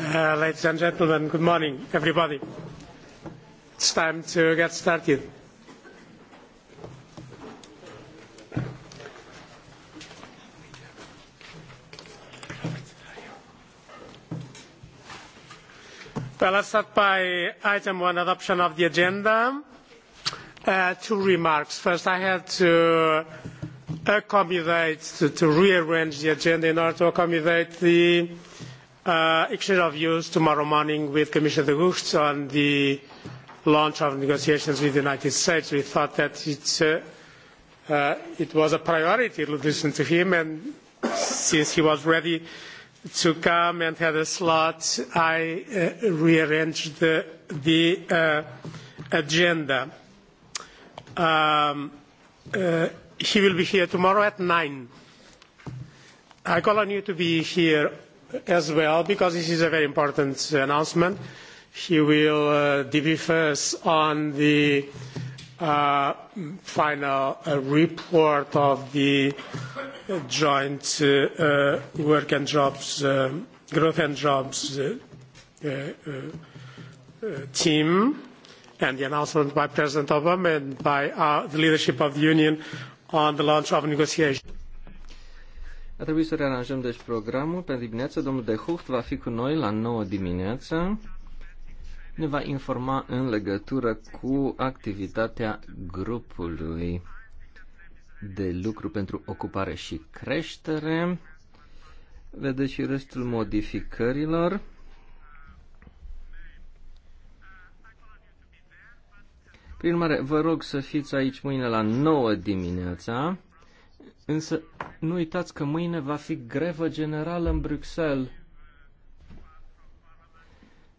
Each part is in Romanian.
Uh, ladies and gentlemen, good morning, everybody. It's time to get started. Well, let's start by item one, adoption of the agenda two remarks. First, I have to accommodate, to, rearrange the agenda in order to accommodate the uh, exchange of views tomorrow morning with Commissioner de Gucht on the launch of negotiations with the United States. We thought that uh, uh, it was a priority to listen to him, and since he was ready to come and had a slot, I rearranged the, agenda. Um, uh, he will be here tomorrow at 9. I call on you to be here as well because this is a very important announcement. He will uh, debrief us on the uh, final uh, report of the joint uh, uh work and jobs, uh, growth and jobs uh, team and the announcement by President Obama and by our, uh, the leadership of the Union on the launch of negotiations. A trebuit să rearanjăm deci programul pentru dimineață. Domnul De Hucht va fi cu noi la 9 dimineața. Ne va informa în legătură cu activitatea grupului de lucru pentru ocupare și creștere. Vedeți și restul modificărilor. Prin urmare, vă rog să fiți aici mâine la 9 dimineața, însă nu uitați că mâine va fi grevă generală în Bruxelles.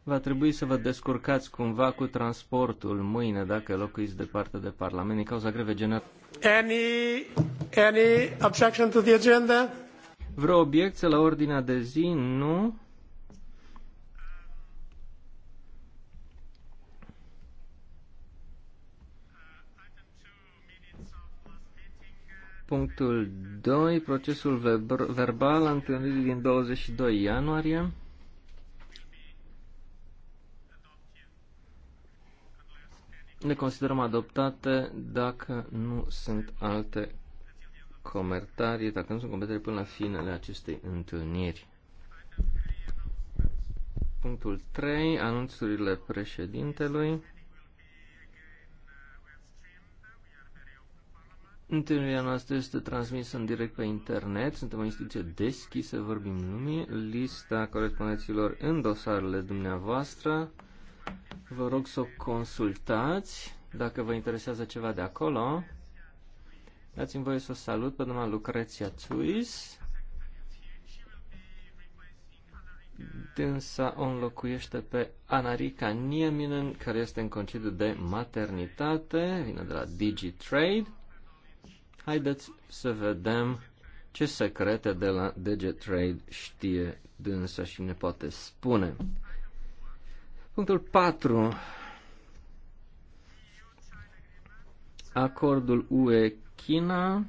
Va trebui să vă descurcați cumva cu transportul mâine dacă locuiți departe de Parlament din cauza greve generală. Any, any objection to the agenda? Vreo obiecție la ordinea de zi? Nu. Punctul 2. Procesul verbal a întâlnirii din 22 ianuarie. Le considerăm adoptate dacă nu sunt alte comentarii, dacă nu sunt comentarii până la finele acestei întâlniri. Punctul 3. Anunțurile președintelui. Întâlnirea noastră este transmisă în direct pe internet, suntem o instituție deschisă, vorbim lumii, lista corespondenților în dosarele dumneavoastră. Vă rog să o consultați dacă vă interesează ceva de acolo. Dați-mi voie să o salut pe doamna Lucreția Țuis. Dânsa o înlocuiește pe Anarica Nieminen, care este în concediu de maternitate, vine de la DigiTrade. Haideți să vedem ce secrete de la DigiTrade știe dânsa și ne poate spune. Punctul 4. Acordul UE-China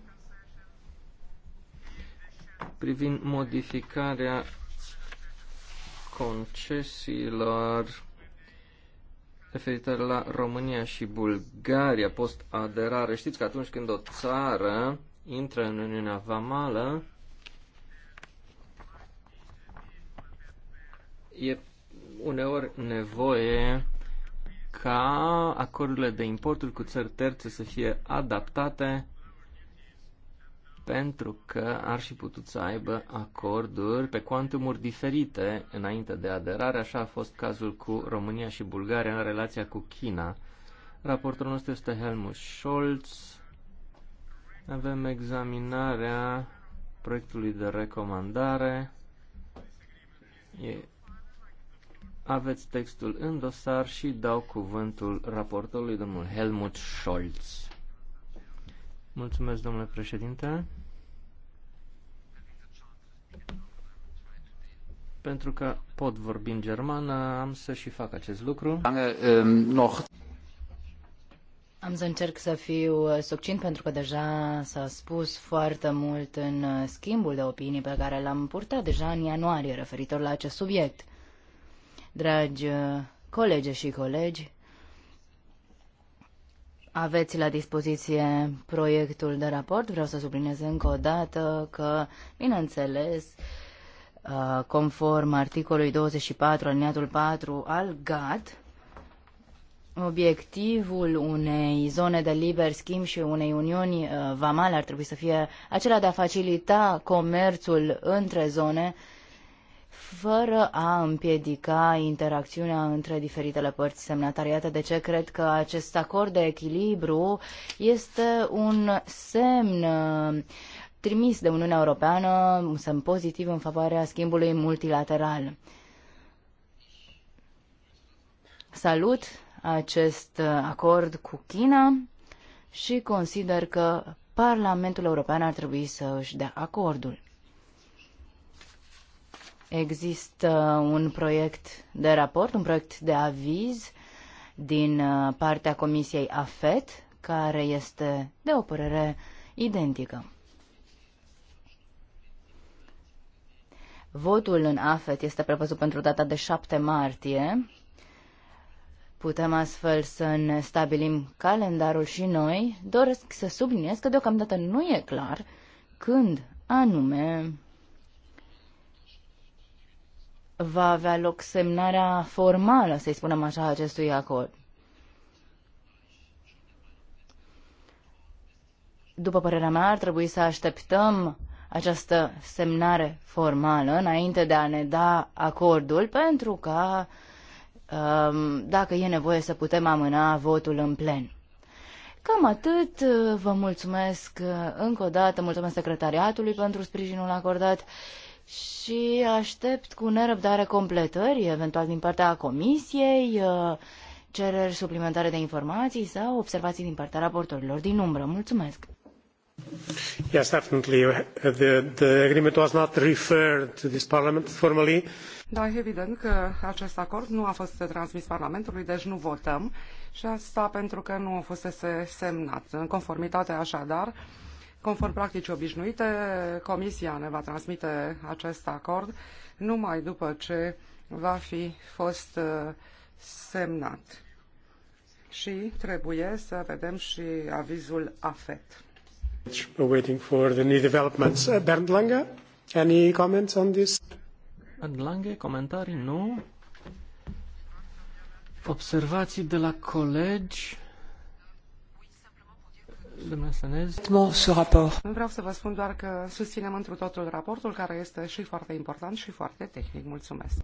privind modificarea concesiilor referitor la România și Bulgaria post-aderare. Știți că atunci când o țară intră în Uniunea Vamală, e uneori nevoie ca acordurile de importuri cu țări terțe să fie adaptate pentru că ar fi putut să aibă acorduri pe cuantumuri diferite înainte de aderare. Așa a fost cazul cu România și Bulgaria în relația cu China. Raportul nostru este Helmut Scholz. Avem examinarea proiectului de recomandare. E... Aveți textul în dosar și dau cuvântul raportorului domnul Helmut Scholz. Mulțumesc, domnule președinte. Pentru că pot vorbi în germană, am să și fac acest lucru. Ehm, am să încerc să fiu uh, succint pentru că deja s-a spus foarte mult în uh, schimbul de opinii pe care l-am purtat deja în ianuarie referitor la acest subiect. Dragi uh, colege și colegi, aveți la dispoziție proiectul de raport. Vreau să subliniez încă o dată că, bineînțeles, uh, Uh, conform articolului 24 alineatul 4 al GAT, obiectivul unei zone de liber schimb și unei uniuni uh, vamale ar trebui să fie acela de a facilita comerțul între zone fără a împiedica interacțiunea între diferitele părți semnatariate. De ce cred că acest acord de echilibru este un semn uh, trimis de Uniunea Europeană un semn pozitiv în favoarea schimbului multilateral. Salut acest acord cu China și consider că Parlamentul European ar trebui să își dea acordul. Există un proiect de raport, un proiect de aviz din partea Comisiei AFET, care este de o părere identică. Votul în AFET este prevăzut pentru data de 7 martie. Putem astfel să ne stabilim calendarul și noi. Doresc să subliniez că deocamdată nu e clar când anume va avea loc semnarea formală, să-i spunem așa, acestui acord. După părerea mea, ar trebui să așteptăm această semnare formală înainte de a ne da acordul pentru ca, um, dacă e nevoie, să putem amâna votul în plen. Cam atât. Vă mulțumesc uh, încă o dată, mulțumesc secretariatului pentru sprijinul acordat și aștept cu nerăbdare completări, eventual din partea comisiei, uh, cereri suplimentare de informații sau observații din partea raportorilor din umbră. Mulțumesc! Yes, definitely. The, the agreement was not referred to this parliament formally. Da, evident că acest acord nu a fost transmis Parlamentului, deci nu votăm și asta pentru că nu a fost semnat. În conformitate așadar, conform practicii obișnuite, Comisia ne va transmite acest acord numai după ce va fi fost uh, semnat. Și trebuie să vedem și avizul AFET. Deci, we're waiting for the new developments. Uh, Bernd Lange, any comments on this? Bernd Lange, comentarii? Nu. Observații de la colegi? Vreau să vă spun doar că susținem întru totul raportul, care este și foarte important și foarte tehnic. Mulțumesc!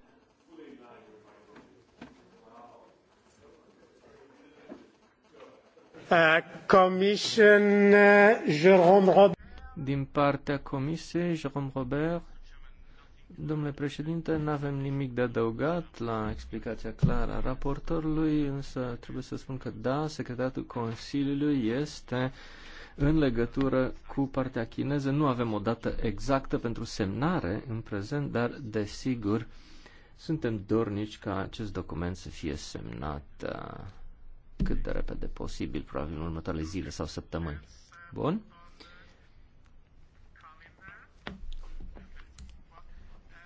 Din partea Comisiei, Jérôme Robert. Domnule președinte, nu avem nimic de adăugat la explicația clară a raportorului, însă trebuie să spun că da, secretatul Consiliului este în legătură cu partea chineză. Nu avem o dată exactă pentru semnare în prezent, dar desigur suntem dornici ca acest document să fie semnat cât de repede posibil, probabil în următoarele zile sau săptămâni. Bun?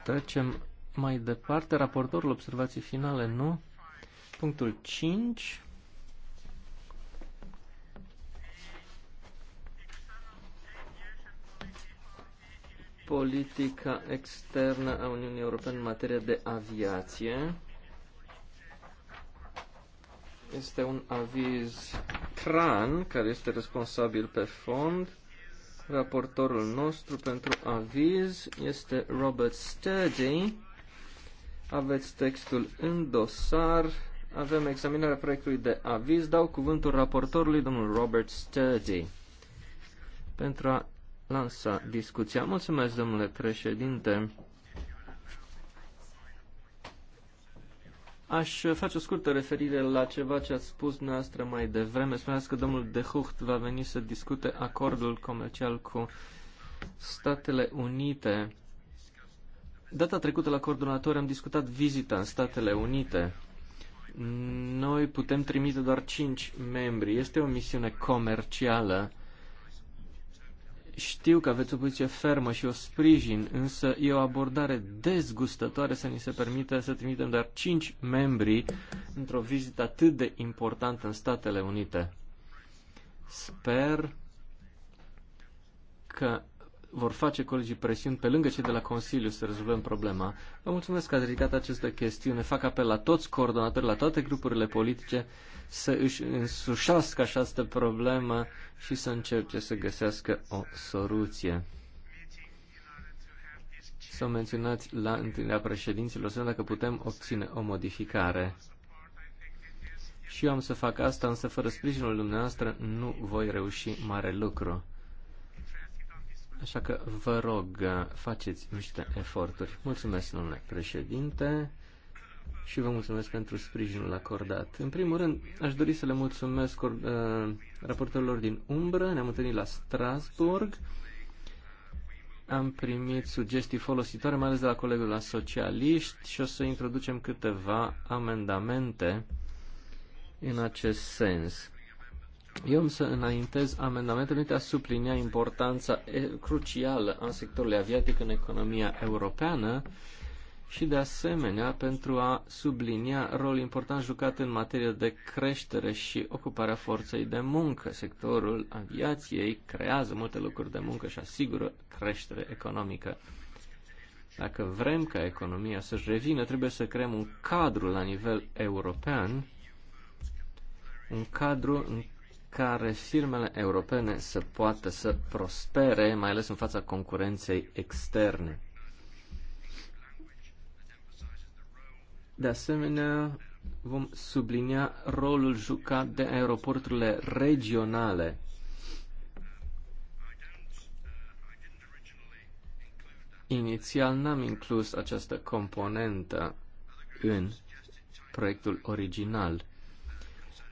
Trecem mai departe. Raportorul observații finale, nu? Punctul 5. Politica externă a Uniunii Europene în materie de aviație. Este un aviz CRAN, care este responsabil pe fond. Raportorul nostru pentru aviz este Robert Sturdy. Aveți textul în dosar. Avem examinarea proiectului de aviz. Dau cuvântul raportorului, domnul Robert Sturdy, pentru a lansa discuția. Mulțumesc, domnule președinte. Aș face o scurtă referire la ceva ce ați spus noastră mai devreme. Spuneați că domnul De Hucht va veni să discute acordul comercial cu Statele Unite. Data trecută la coordonator am discutat vizita în Statele Unite. Noi putem trimite doar cinci membri. Este o misiune comercială știu că aveți o poziție fermă și o sprijin, însă e o abordare dezgustătoare să ni se permită să trimitem doar cinci membri într-o vizită atât de importantă în Statele Unite. Sper că vor face colegii presiuni pe lângă cei de la Consiliu să rezolvăm problema. Vă mulțumesc că ați ridicat această chestiune. Fac apel la toți coordonatorii, la toate grupurile politice să își însușească această problemă și să încerce să găsească o soluție. Să o menționați la întâlnirea președinților, să dacă putem obține o modificare. Și eu am să fac asta, însă fără sprijinul dumneavoastră nu voi reuși mare lucru. Așa că vă rog, faceți niște eforturi. Mulțumesc, domnule președinte, și vă mulțumesc pentru sprijinul acordat. În primul rând, aș dori să le mulțumesc uh, raportorilor din umbră. Ne-am întâlnit la Strasburg. Am primit sugestii folositoare, mai ales de la colegul la socialiști, și o să introducem câteva amendamente în acest sens. Eu am să înaintez amendamentul de a sublinia importanța crucială a sectorului aviatic în economia europeană și de asemenea pentru a sublinia rolul important jucat în materie de creștere și ocuparea forței de muncă. Sectorul aviației creează multe lucruri de muncă și asigură creștere economică. Dacă vrem ca economia să-și revină, trebuie să creăm un cadru la nivel european, un cadru în care firmele europene să poată să prospere, mai ales în fața concurenței externe. De asemenea, vom sublinia rolul jucat de aeroporturile regionale. Inițial n-am inclus această componentă în proiectul original.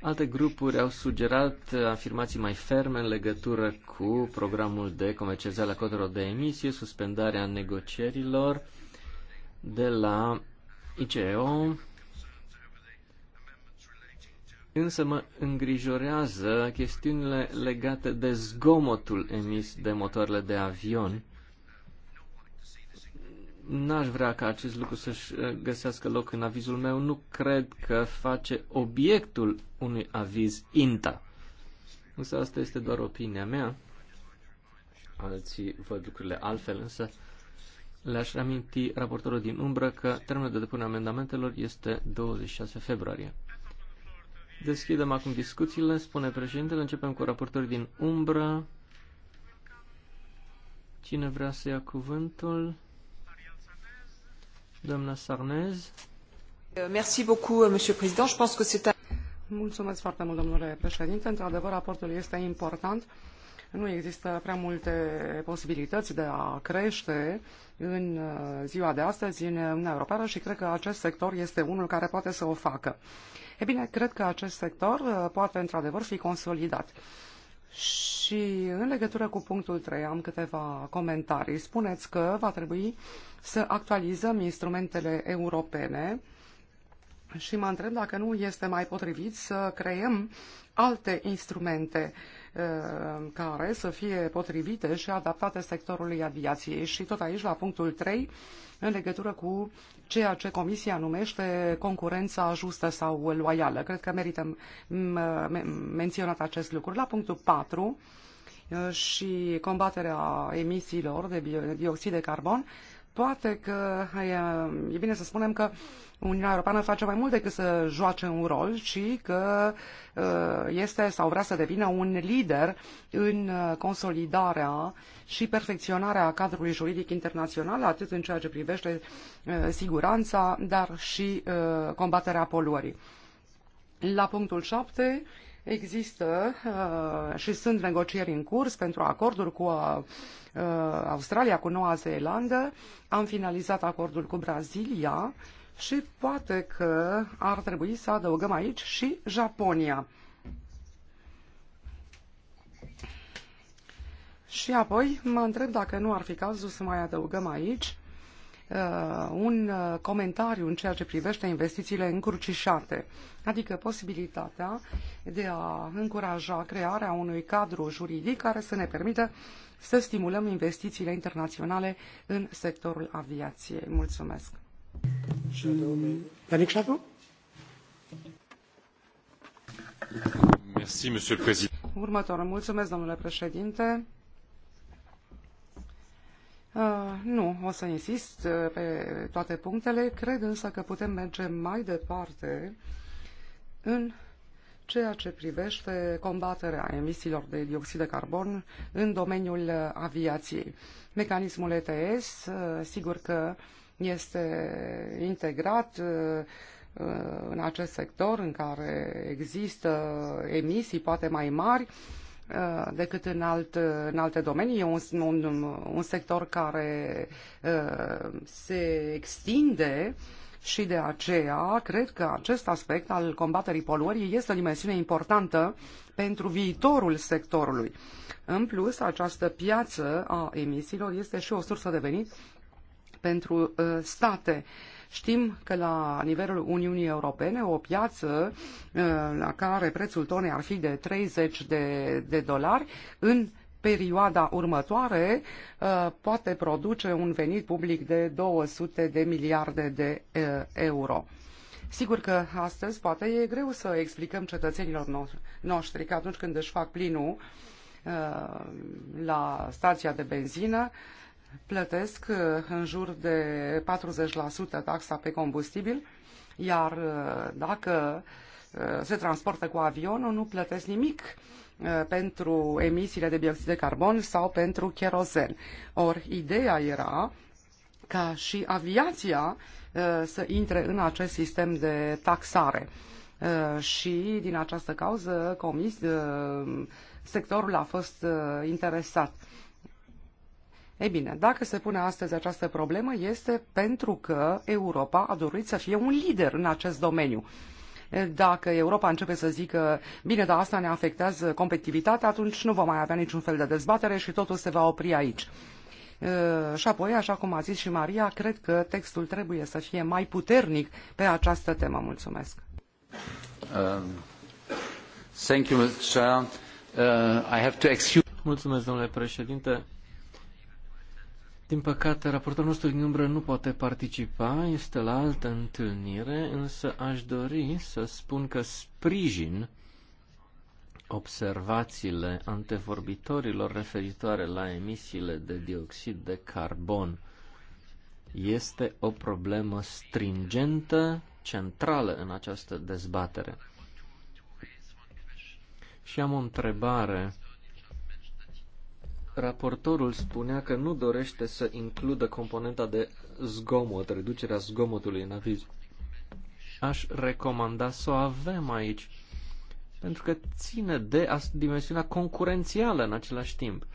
Alte grupuri au sugerat afirmații mai ferme în legătură cu programul de comercializare a cotelor de emisie, suspendarea negocierilor de la ICEO, însă mă îngrijorează chestiunile legate de zgomotul emis de motoarele de avion n-aș vrea ca acest lucru să-și uh, găsească loc în avizul meu. Nu cred că face obiectul unui aviz INTA. Însă asta este doar opinia mea. Alții văd lucrurile altfel, însă le-aș aminti raportorul din umbră că termenul de depunere amendamentelor este 26 februarie. Deschidem acum discuțiile, spune președintele. Începem cu raportorii din umbră. Cine vrea să ia cuvântul? Doamna Sarnez. Merci beaucoup, monsieur le président. Je pense que c'est un... Mulțumesc foarte mult, domnule președinte. Într-adevăr, raportul este important. Nu există prea multe posibilități de a crește în uh, ziua de astăzi în Uniunea Europeană și cred că acest sector este unul care poate să o facă. E bine, cred că acest sector uh, poate într-adevăr fi consolidat. Și în legătură cu punctul 3 am câteva comentarii. Spuneți că va trebui să actualizăm instrumentele europene și mă întreb dacă nu este mai potrivit să creăm alte instrumente uh, Uh, care să fie potrivite și adaptate sectorului aviației. Și tot aici, la punctul 3, în legătură cu ceea ce Comisia numește concurența justă sau loială. Cred că merită menționat acest lucru. La punctul 4 uh, și combaterea emisiilor de dioxid de carbon, Poate că e bine să spunem că Uniunea Europeană face mai mult decât să joace un rol, ci că este sau vrea să devină un lider în consolidarea și perfecționarea cadrului juridic internațional, atât în ceea ce privește siguranța, dar și combaterea poluării. La punctul 7 Există uh, și sunt negocieri în curs pentru acorduri cu uh, uh, Australia, cu Noua Zeelandă. Am finalizat acordul cu Brazilia și poate că ar trebui să adăugăm aici și Japonia. Și apoi mă întreb dacă nu ar fi cazul să mai adăugăm aici Uh, un uh, comentariu în ceea ce privește investițiile încrucișate, adică posibilitatea de a încuraja crearea unui cadru juridic care să ne permită să stimulăm investițiile internaționale în sectorul aviației. Mulțumesc! Danic Șatu? Mulțumesc, domnule președinte. Nu, o să insist uh, pe toate punctele. Cred însă că putem merge mai departe în ceea ce privește combaterea emisiilor de dioxid de carbon în domeniul aviației. Mecanismul ETS, uh, sigur că este integrat uh, în acest sector în care există emisii poate mai mari, Uh, decât în, alt, în alte domenii. E un, un, un sector care uh, se extinde și de aceea cred că acest aspect al combaterii poluării este o dimensiune importantă pentru viitorul sectorului. În plus, această piață a emisiilor este și o sursă de venit pentru uh, state. Uh, Știm că la nivelul Uniunii Europene o piață uh, la care prețul tonei ar fi de 30 de, de dolari în perioada următoare uh, poate produce un venit public de 200 de miliarde de uh, euro. Sigur că astăzi poate e greu să explicăm cetățenilor noștri că atunci când își fac plinul la stația de benzină, plătesc uh, în jur de 40% taxa pe combustibil, iar uh, dacă uh, se transportă cu avionul, nu plătesc nimic pentru emisiile de dioxid de carbon sau pentru cherozen. Ori ideea era ca și aviația să intre în acest sistem de taxare. Și din această cauză comis, sectorul a fost interesat. Ei bine, dacă se pune astăzi această problemă, este pentru că Europa a dorit să fie un lider în acest domeniu. Dacă Europa începe să zică, bine, dar asta ne afectează competitivitatea, atunci nu vom mai avea niciun fel de dezbatere și totul se va opri aici. Și apoi, așa cum a zis și Maria, cred că textul trebuie să fie mai puternic pe această temă. Mulțumesc. Um, thank you, Uh, I have to excuse... Mulțumesc, domnule președinte din păcate, raportul nostru din umbră nu poate participa, este la altă întâlnire, însă aș dori să spun că sprijin observațiile antevorbitorilor referitoare la emisiile de dioxid de carbon. Este o problemă stringentă, centrală în această dezbatere. Și am o întrebare Raportorul spunea că nu dorește să includă componenta de zgomot, reducerea zgomotului în aviz. Aș recomanda să o avem aici, pentru că ține de dimensiunea concurențială în același timp.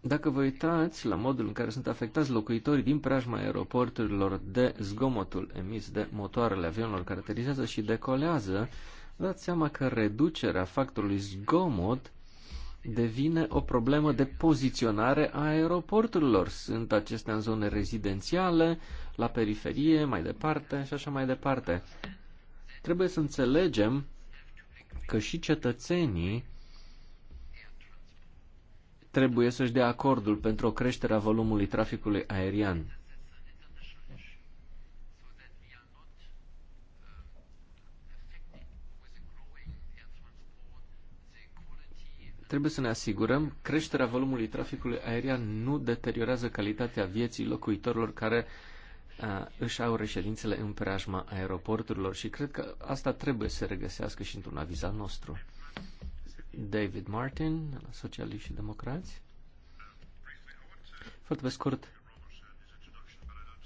Dacă vă uitați la modul în care sunt afectați locuitorii din preajma aeroporturilor de zgomotul emis de motoarele avionilor care aterizează și decolează, dați seama că reducerea factorului zgomot devine o problemă de poziționare a aeroporturilor. Sunt acestea în zone rezidențiale, la periferie, mai departe și așa mai departe. Trebuie să înțelegem că și cetățenii trebuie să-și dea acordul pentru o creștere a volumului traficului aerian. Trebuie să ne asigurăm creșterea volumului traficului aerian nu deteriorează calitatea vieții locuitorilor care a, uh, își au reședințele în preajma aeroporturilor și cred că asta trebuie să regăsească și într-un aviz al nostru. David Martin, la Socialiști și Democrați. Foarte pe scurt,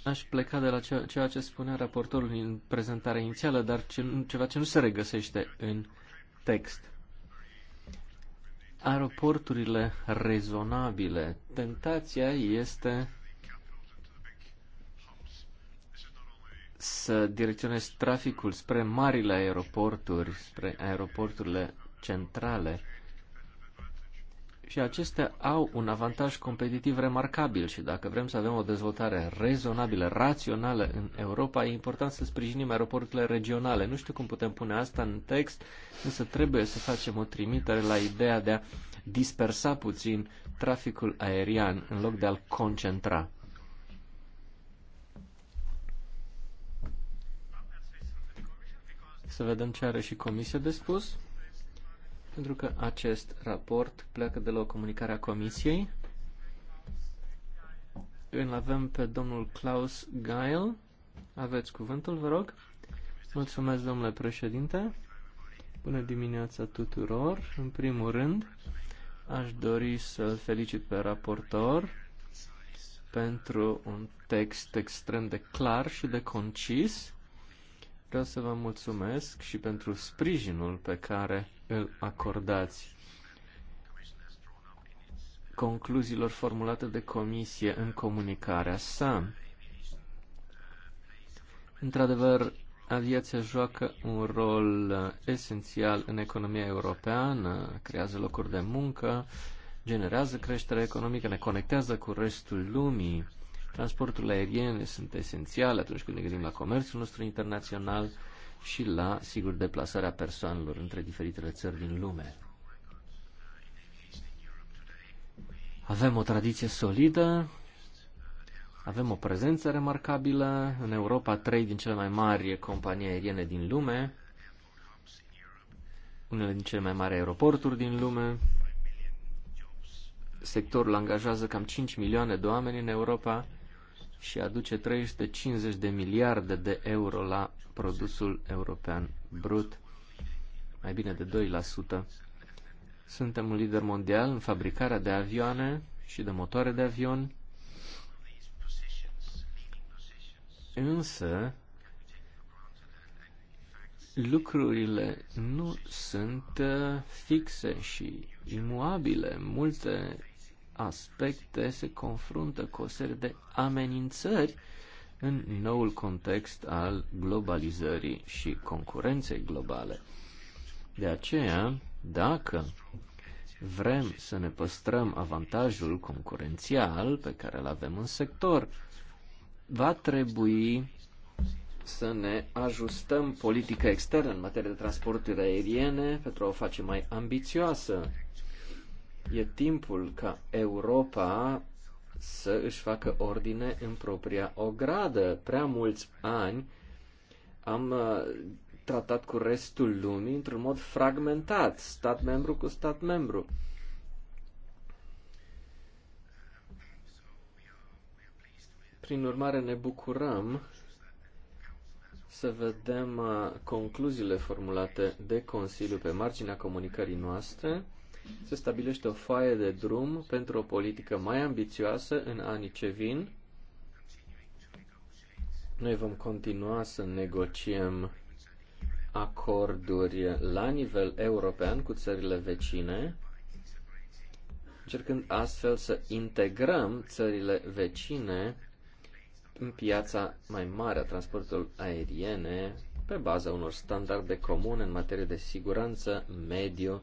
aș pleca de la ceea, ceea ce spunea raportorul în prezentarea inițială, dar ce, ceva ce nu se regăsește în text aeroporturile rezonabile. Tentația este să direcționezi traficul spre marile aeroporturi, spre aeroporturile centrale și acestea au un avantaj competitiv remarcabil și dacă vrem să avem o dezvoltare rezonabilă, rațională în Europa, e important să sprijinim aeroporturile regionale. Nu știu cum putem pune asta în text, însă trebuie să facem o trimitere la ideea de a dispersa puțin traficul aerian în loc de a-l concentra. Să vedem ce are și Comisia de spus pentru că acest raport pleacă de la o comunicare a Comisiei. Îl avem pe domnul Klaus Geil. Aveți cuvântul, vă rog. Mulțumesc, domnule președinte. Bună dimineața tuturor. În primul rând, aș dori să-l felicit pe raportor pentru un text extrem de clar și de concis Vreau să vă mulțumesc și pentru sprijinul pe care îl acordați concluziilor formulate de comisie în comunicarea sa. Într-adevăr, aviația joacă un rol esențial în economia europeană, creează locuri de muncă, generează creștere economică, ne conectează cu restul lumii Transporturile aeriene sunt esențiale atunci când ne gândim la comerțul nostru internațional și la, sigur, deplasarea persoanelor între diferitele țări din lume. Avem o tradiție solidă, avem o prezență remarcabilă. În Europa, trei din cele mai mari companii aeriene din lume, unele din cele mai mari aeroporturi din lume. Sectorul angajează cam 5 milioane de oameni în Europa și aduce 350 de miliarde de euro la produsul european brut, mai bine de 2%. Suntem un lider mondial în fabricarea de avioane și de motoare de avion, însă lucrurile nu sunt uh, fixe și imuabile. Multe aspecte se confruntă cu o serie de amenințări în noul context al globalizării și concurenței globale. De aceea, dacă vrem să ne păstrăm avantajul concurențial pe care îl avem în sector, va trebui să ne ajustăm politica externă în materie de transporturi aeriene pentru a o face mai ambițioasă. E timpul ca Europa să își facă ordine în propria ogradă. Prea mulți ani am uh, tratat cu restul lumii într-un mod fragmentat, stat membru cu stat membru. Prin urmare, ne bucurăm să vedem uh, concluziile formulate de Consiliu pe marginea comunicării noastre se stabilește o foaie de drum pentru o politică mai ambițioasă în anii ce vin. Noi vom continua să negociem acorduri la nivel european cu țările vecine, încercând astfel să integrăm țările vecine în piața mai mare a transportului aeriene pe baza unor standarde comune în materie de siguranță, mediu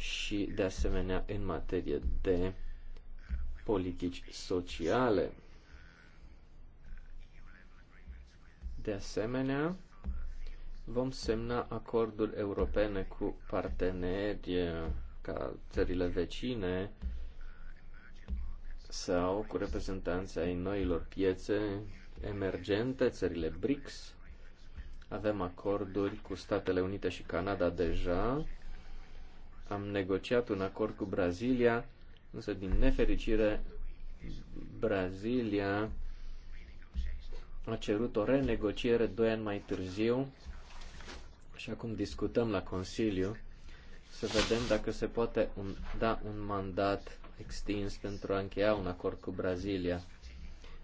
și, de asemenea, în materie de politici sociale. De asemenea, vom semna acorduri europene cu parteneri eh, ca țările vecine sau cu reprezentanții ai noilor piețe emergente, țările BRICS. Avem acorduri cu Statele Unite și Canada deja am negociat un acord cu Brazilia, însă din nefericire Brazilia a cerut o renegociere doi ani mai târziu și acum discutăm la Consiliu să vedem dacă se poate un, da un mandat extins pentru a încheia un acord cu Brazilia.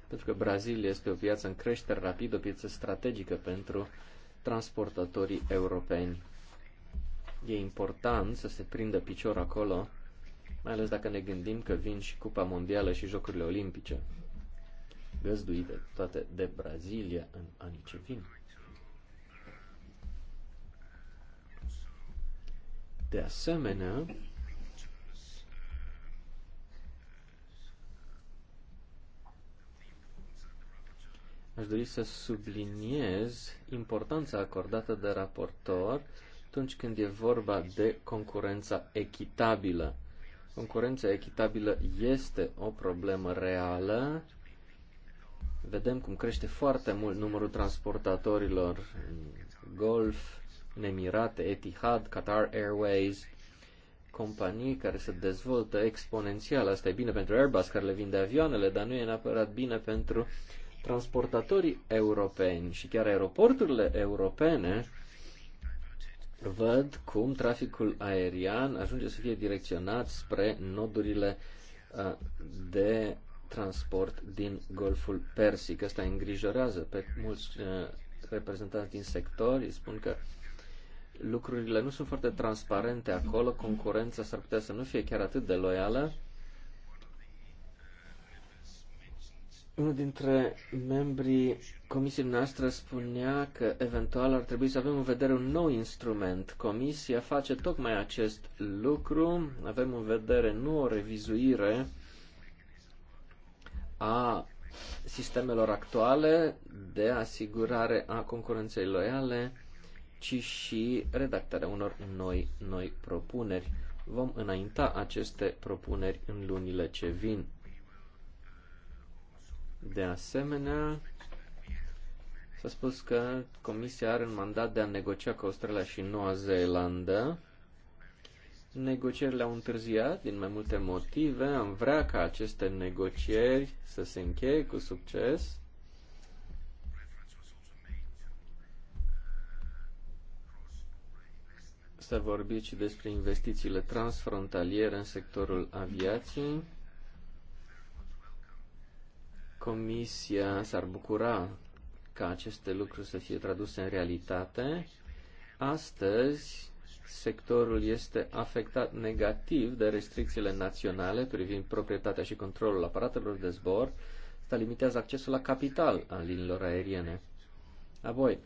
Pentru că Brazilia este o piață în creștere rapidă, o piață strategică pentru transportatorii europeni. E important să se prindă picior acolo, mai ales dacă ne gândim că vin și Cupa Mondială și Jocurile Olimpice, găzduite toate de Brazilia în anii ce vin. De asemenea, aș dori să subliniez importanța acordată de raportor atunci când e vorba de concurența echitabilă. Concurența echitabilă este o problemă reală. Vedem cum crește foarte mult numărul transportatorilor în Golf, în Emirate, Etihad, Qatar Airways, companii care se dezvoltă exponențial. Asta e bine pentru Airbus care le vinde avioanele, dar nu e neapărat bine pentru transportatorii europeni și chiar aeroporturile europene văd cum traficul aerian ajunge să fie direcționat spre nodurile de transport din Golful Persic. Asta îngrijorează pe mulți reprezentanți din sector. Îi spun că lucrurile nu sunt foarte transparente acolo, concurența s-ar putea să nu fie chiar atât de loială Unul dintre membrii comisiei noastre spunea că eventual ar trebui să avem în vedere un nou instrument. Comisia face tocmai acest lucru. Avem în vedere nu o revizuire a sistemelor actuale de asigurare a concurenței loiale, ci și redactarea unor noi, noi propuneri. Vom înainta aceste propuneri în lunile ce vin. De asemenea, s-a spus că Comisia are un mandat de a negocia cu Australia și Noua Zeelandă. Negocierile au întârziat din mai multe motive. Am vrea ca aceste negocieri să se încheie cu succes. S-a vorbit și despre investițiile transfrontaliere în sectorul aviației. Comisia s-ar bucura ca aceste lucruri să fie traduse în realitate. Astăzi, sectorul este afectat negativ de restricțiile naționale privind proprietatea și controlul aparatelor de zbor. Asta limitează accesul la capital al liniilor aeriene. Apoi,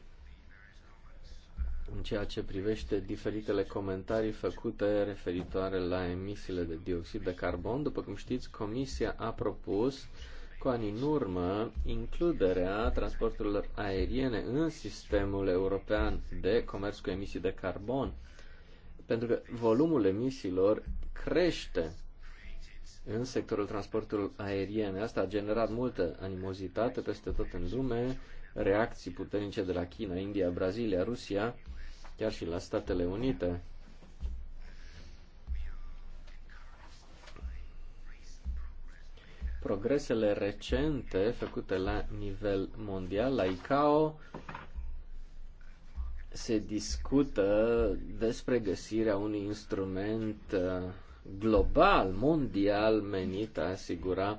în ceea ce privește diferitele comentarii făcute referitoare la emisiile de dioxid de carbon, după cum știți, Comisia a propus uh, cu ani în urmă includerea transporturilor aeriene în sistemul european de comerț cu emisii de carbon, pentru că volumul emisiilor crește în sectorul transportului aerien. Asta a generat multă animozitate peste tot în lume, reacții puternice de la China, India, Brazilia, Rusia, chiar și la Statele Unite. progresele recente făcute la nivel mondial, la ICAO, se discută despre găsirea unui instrument uh, global, mondial, menit a asigura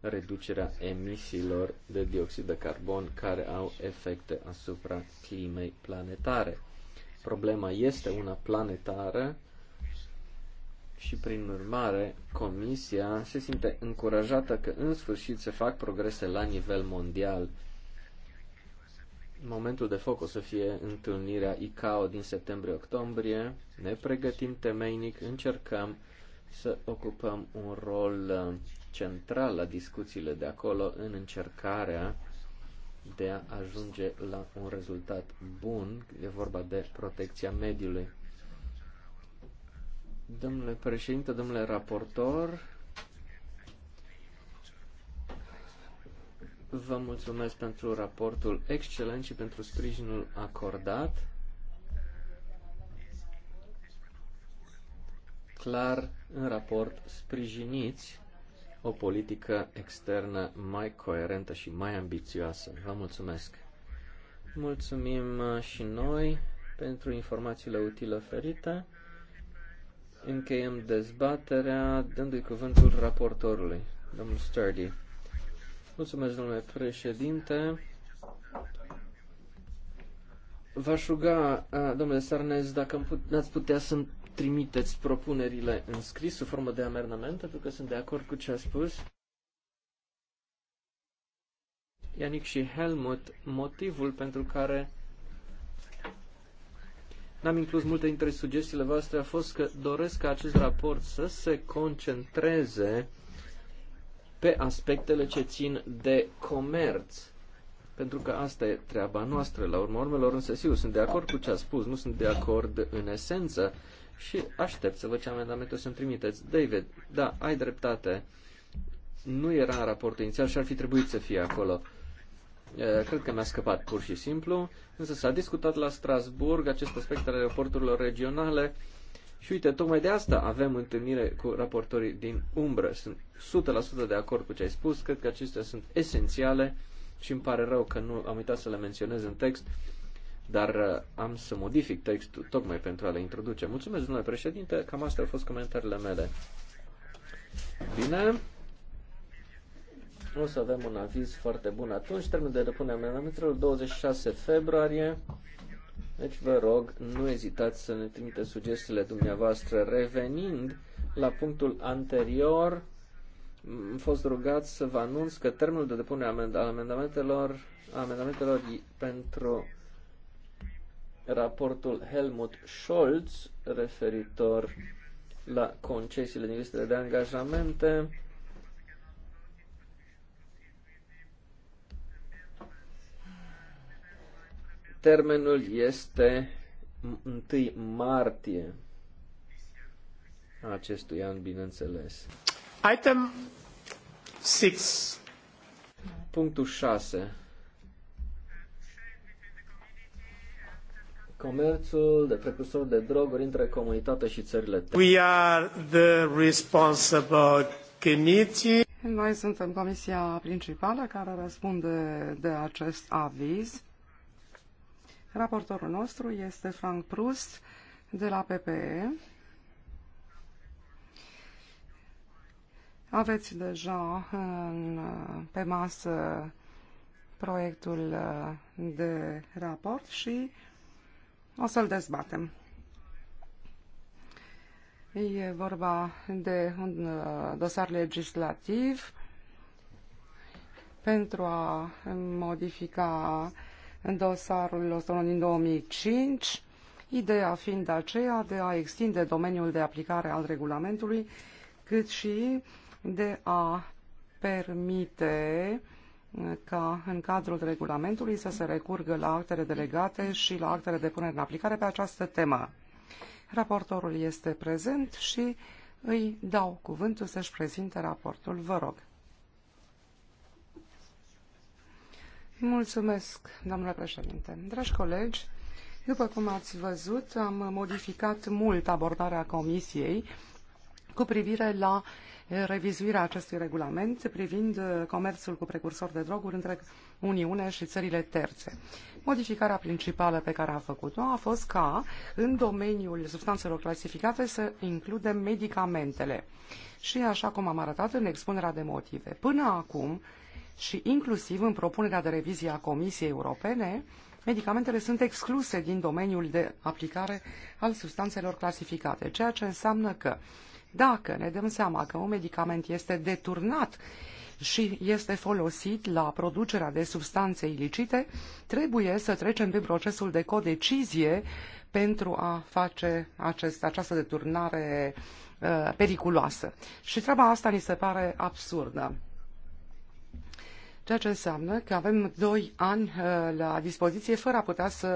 reducerea emisiilor de dioxid de carbon care au efecte asupra climei planetare. Problema este una planetară și, prin urmare, Comisia se simte încurajată că, în sfârșit, se fac progrese la nivel mondial. Momentul de foc o să fie întâlnirea ICAO din septembrie-octombrie. Ne pregătim temeinic, încercăm să ocupăm un rol uh, central la discuțiile de acolo în încercarea de a ajunge la un rezultat bun. E vorba de protecția mediului. Domnule președinte, domnule raportor, vă mulțumesc pentru raportul excelent și pentru sprijinul acordat. Clar, în raport sprijiniți o politică externă mai coerentă și mai ambițioasă. Vă mulțumesc! Mulțumim și noi pentru informațiile utile oferite. Încheiem dezbaterea dându-i cuvântul raportorului, domnul Sturdy. Mulțumesc, domnule președinte. V-aș ruga, domnule Sarnez, dacă ați putea să-mi trimiteți propunerile în scris sub formă de amernament, pentru că sunt de acord cu ce a spus. Ianic și Helmut, motivul pentru care n-am inclus multe dintre sugestiile voastre, a fost că doresc ca acest raport să se concentreze pe aspectele ce țin de comerț. Pentru că asta e treaba noastră. La urma urmelor, în sesiu. sunt de acord cu ce a spus, nu sunt de acord în esență și aștept să văd ce amendamente o să-mi trimiteți. David, da, ai dreptate. Nu era în raport inițial și ar fi trebuit să fie acolo. Uh, Eh, cred că mi-a scăpat pur și simplu, însă s-a discutat la Strasburg acest aspect al aeroporturilor regionale și uite, tocmai de asta avem întâlnire cu raportorii din umbră. Sunt 100% de acord cu ce ai spus, cred că acestea sunt esențiale și îmi pare rău că nu am uitat să le menționez în text, dar eh, am să modific textul tocmai pentru a le introduce. Mulțumesc, domnule președinte, cam astea au fost comentariile mele. Bine, o să avem un aviz foarte bun atunci. Termenul de depunere amendamentelor 26 februarie. Deci vă rog, nu ezitați să ne trimiteți sugestiile dumneavoastră. Revenind la punctul anterior, am fost rugat să vă anunț că termenul de depunere al amendamentelor, amendamentelor pentru raportul Helmut Scholz referitor la concesiile din listele de angajamente Termenul este 1 martie acestui an, bineînțeles. Item 6. Punctul 6. Comerțul de precursori de droguri între comunitate și țările We are the responsible committee. Noi suntem comisia principală care răspunde de acest aviz. Raportorul nostru este Frank Prus, de la PPE. Aveți deja în, pe masă proiectul de raport și o să-l dezbatem. E vorba de un dosar legislativ pentru a modifica în dosarul 101 din 2005, ideea fiind aceea de a extinde domeniul de aplicare al regulamentului, cât și de a permite uh, ca în cadrul regulamentului să se recurgă la actele delegate și la actele de punere în aplicare pe această temă. Raportorul este prezent și îi dau cuvântul să-și prezinte raportul. Vă rog. Mulțumesc, domnule președinte. Dragi colegi, după cum ați văzut, am modificat mult abordarea Comisiei cu privire la eh, revizuirea acestui regulament privind eh, comerțul cu precursori de droguri între Uniune și țările terțe. Modificarea principală pe care a făcut-o a fost ca în domeniul substanțelor clasificate să includem medicamentele și așa cum am arătat în expunerea de motive. Până acum, și inclusiv în propunerea de revizie a Comisiei Europene, medicamentele sunt excluse din domeniul de aplicare al substanțelor clasificate, ceea ce înseamnă că dacă ne dăm seama că un medicament este deturnat și este folosit la producerea de substanțe ilicite, trebuie să trecem prin procesul de codecizie pentru a face acest, această deturnare uh, periculoasă. Și treaba asta ni se pare absurdă. Ceea ce înseamnă că avem doi ani uh, la dispoziție fără a putea să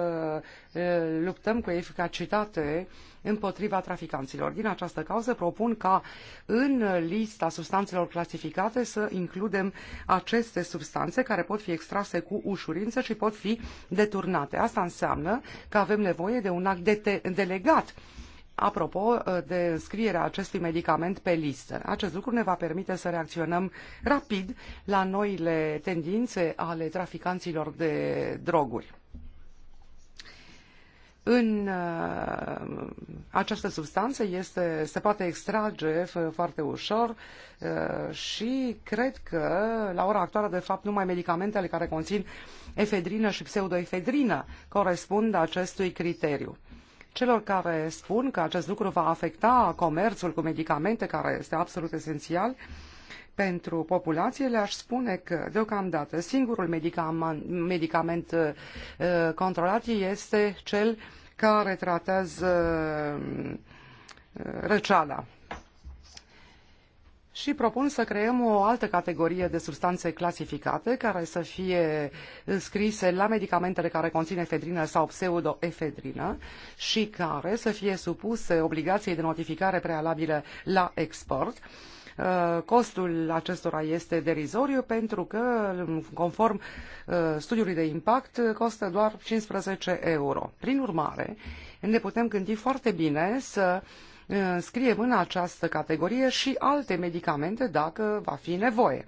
uh, luptăm cu eficacitate împotriva traficanților. Din această cauză propun ca în lista substanțelor clasificate să includem aceste substanțe care pot fi extrase cu ușurință și pot fi deturnate. Asta înseamnă că avem nevoie de un act de delegat apropo ă, de înscrierea acestui medicament pe listă. Acest lucru ne va permite să reacționăm rapid la noile tendințe ale traficanților de droguri. În uh, această substanță este, se poate extrage foarte ușor uh, și cred că la ora actuală, de fapt, numai medicamentele care conțin efedrină și pseudoefedrină corespund acestui criteriu celor care spun că acest lucru va afecta comerțul cu medicamente, care este absolut esențial pentru populație, le-aș spune că, deocamdată, singurul medicament, medicament uh, controlat este cel care tratează uh, răceala și propun să creăm o altă categorie de substanțe clasificate care să fie scrise la medicamentele care conțin efedrină sau pseudoefedrină și care să fie supuse obligației de notificare prealabilă la export. Uh, costul acestora este derizoriu pentru că, conform uh, studiului de impact, costă doar 15 euro. Prin urmare, ne putem gândi foarte bine să uh, înscriem uh, în această categorie și alte medicamente dacă va fi nevoie.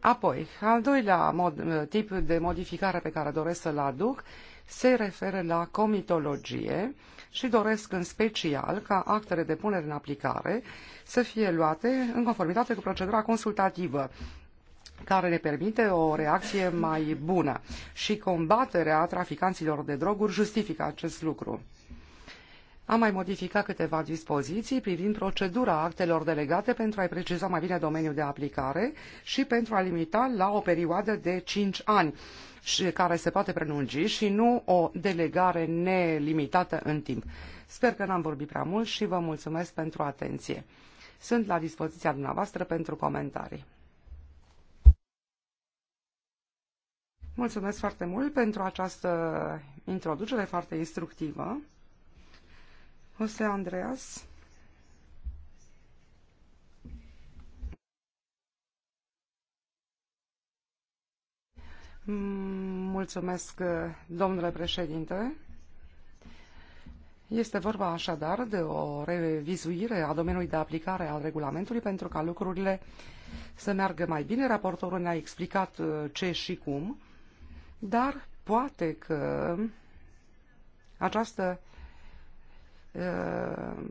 Apoi, al doilea mod, uh, tip de modificare pe care doresc să-l aduc se referă la comitologie și doresc în special ca actele de punere în aplicare să fie luate în conformitate cu procedura consultativă care ne permite o reacție mai bună și combaterea traficanților de droguri justifică acest lucru. Am mai modificat câteva dispoziții privind procedura actelor delegate pentru a-i preciza mai bine domeniul de aplicare și pentru a limita la o perioadă de 5 ani și care se poate prelungi și nu o delegare nelimitată în timp. Sper că n-am vorbit prea mult și vă mulțumesc pentru atenție. Sunt la dispoziția dumneavoastră pentru comentarii. Mulțumesc foarte mult pentru această introducere foarte instructivă. Jose Andreas. Mulțumesc, domnule președinte. Este vorba așadar de o revizuire a domeniului de aplicare al regulamentului pentru ca lucrurile să meargă mai bine. Raportorul ne-a explicat uh, ce și cum, dar poate că această Uh,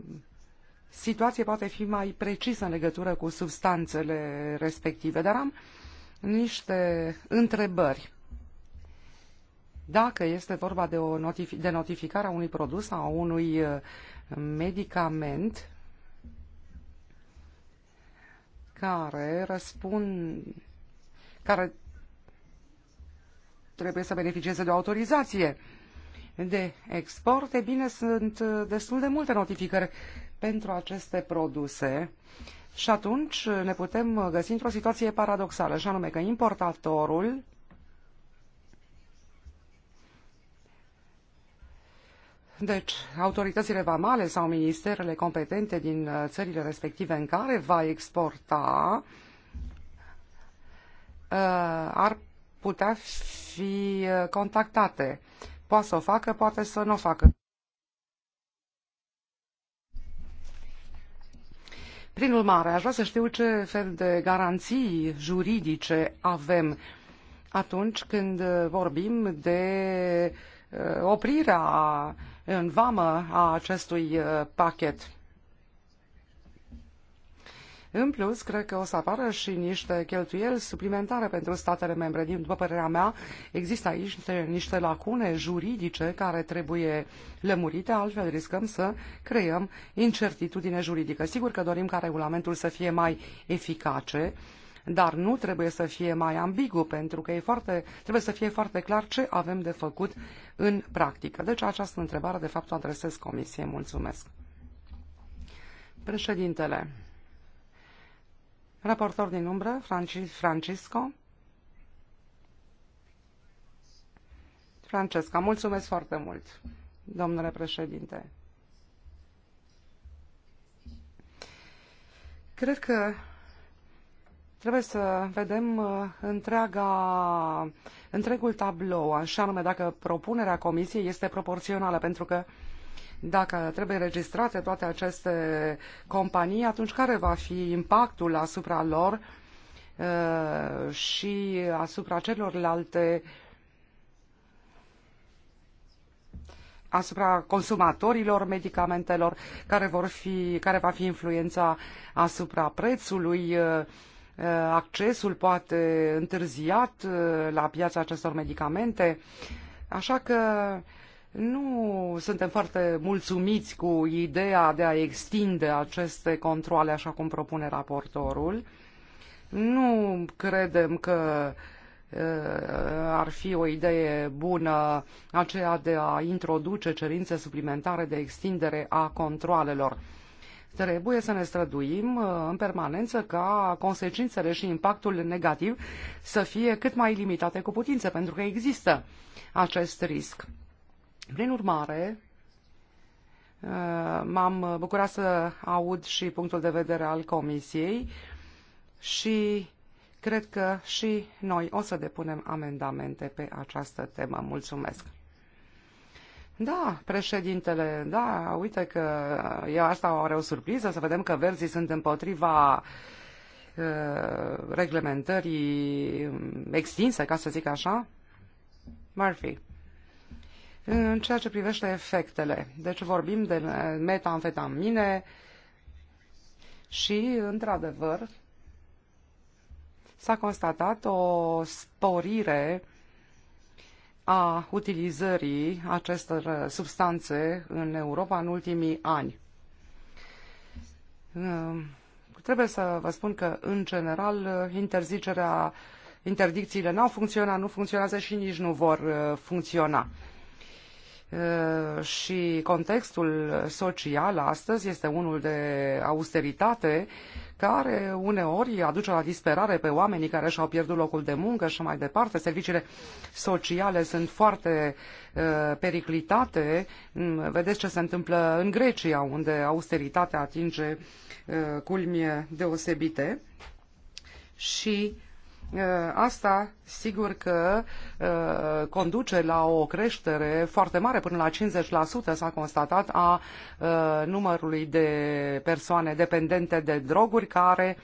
situație poate fi mai precisă în legătură cu substanțele respective, dar am niște întrebări. Dacă este vorba de, o notific- de notificarea unui produs sau a unui uh, medicament care răspund, care trebuie să beneficieze de o autorizație, uh, de export, e bine, sunt uh, destul de multe notificări pentru aceste produse și atunci uh, ne putem uh, găsi într-o situație paradoxală, și anume că importatorul Deci, autoritățile vamale sau ministerele competente din țările respective în care va exporta ar putea fi contactate poate să o facă, poate să nu o facă. Prin urmare, aș vrea să știu ce fel de garanții juridice avem atunci când vorbim de uh, oprirea în vamă a acestui uh, pachet. În plus, cred că o să apară și niște cheltuieli suplimentare pentru statele membre. După părerea mea, există aici niște, niște lacune juridice care trebuie lămurite, altfel riscăm să creăm incertitudine juridică. Sigur că dorim ca regulamentul să fie mai eficace, dar nu trebuie să fie mai ambigu, pentru că e foarte, trebuie să fie foarte clar ce avem de făcut în practică. Deci această întrebare, de fapt, o adresez Comisiei. Mulțumesc. Președintele, Raportor din umbră, Francisco. Francesca, mulțumesc foarte mult, domnule președinte. Cred că trebuie să vedem uh, întreaga, întregul tablou, așa nume dacă propunerea comisiei este proporțională, pentru că uh, dacă trebuie registrate toate aceste companii, atunci care va fi impactul asupra lor uh, și asupra celorlalte asupra consumatorilor medicamentelor, care, vor fi, care va fi influența asupra prețului, uh, uh, accesul poate întârziat la piața acestor medicamente. Așa că nu suntem foarte mulțumiți cu ideea de a extinde aceste controle așa cum propune raportorul. Nu credem că uh, ar fi o idee bună aceea de a introduce cerințe suplimentare de extindere a controalelor. Trebuie să ne străduim uh, în permanență ca consecințele și impactul negativ să fie cât mai limitate cu putință, pentru că există acest risc. Prin urmare, uh, m-am bucurat să aud și punctul de vedere al Comisiei și cred că și noi o să depunem amendamente pe această temă. Mulțumesc! Da, președintele, da, uite că e asta oare o surpriză, să vedem că verzii sunt împotriva uh, reglementării extinse, ca să zic așa. Murphy. În ceea ce privește efectele, deci vorbim de metamfetamine și, într-adevăr, s-a constatat o sporire a utilizării acestor substanțe în Europa în ultimii ani. Ehm, trebuie să vă spun că, în general, interzicerea, interdicțiile n-au funcționat, nu funcționează și nici nu vor eh, funcționa. Uh, și contextul social astăzi este unul de austeritate care uneori aduce la disperare pe oamenii care și-au pierdut locul de muncă și mai departe. Serviciile sociale sunt foarte uh, periclitate. Mm, vedeți ce se întâmplă în Grecia, unde austeritatea atinge uh, culmi deosebite. Și uh, Eh, asta, sigur că eh, conduce la o creștere foarte mare, până la 50% s-a constatat, a eh, numărului de persoane dependente de droguri care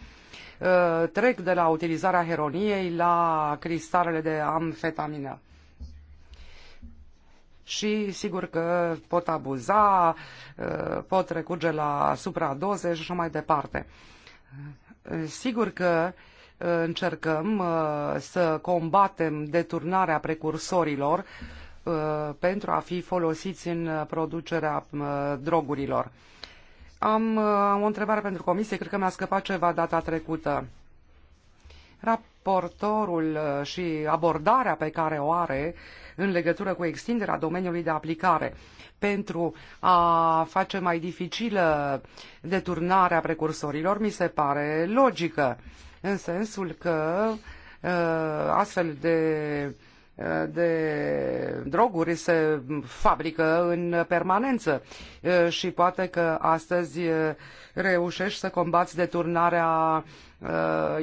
trec de la utilizarea heroniei la cristalele de amfetamină și sigur că pot abuza, pot recurge la supradoze și așa mai departe. Sigur că încercăm uh, să combatem deturnarea precursorilor uh, pentru a fi folosiți în producerea uh, drogurilor. Am o întrebare pentru comisie, cred că mi-a scăpat ceva data trecută. Raportorul și abordarea pe care o are în legătură cu extinderea domeniului de aplicare pentru a face mai dificilă deturnarea precursorilor mi se pare logică. Uh, în sensul că ă, astfel de, ă, de droguri se fabrică în permanență ă, și poate că astăzi reușești să combați deturnarea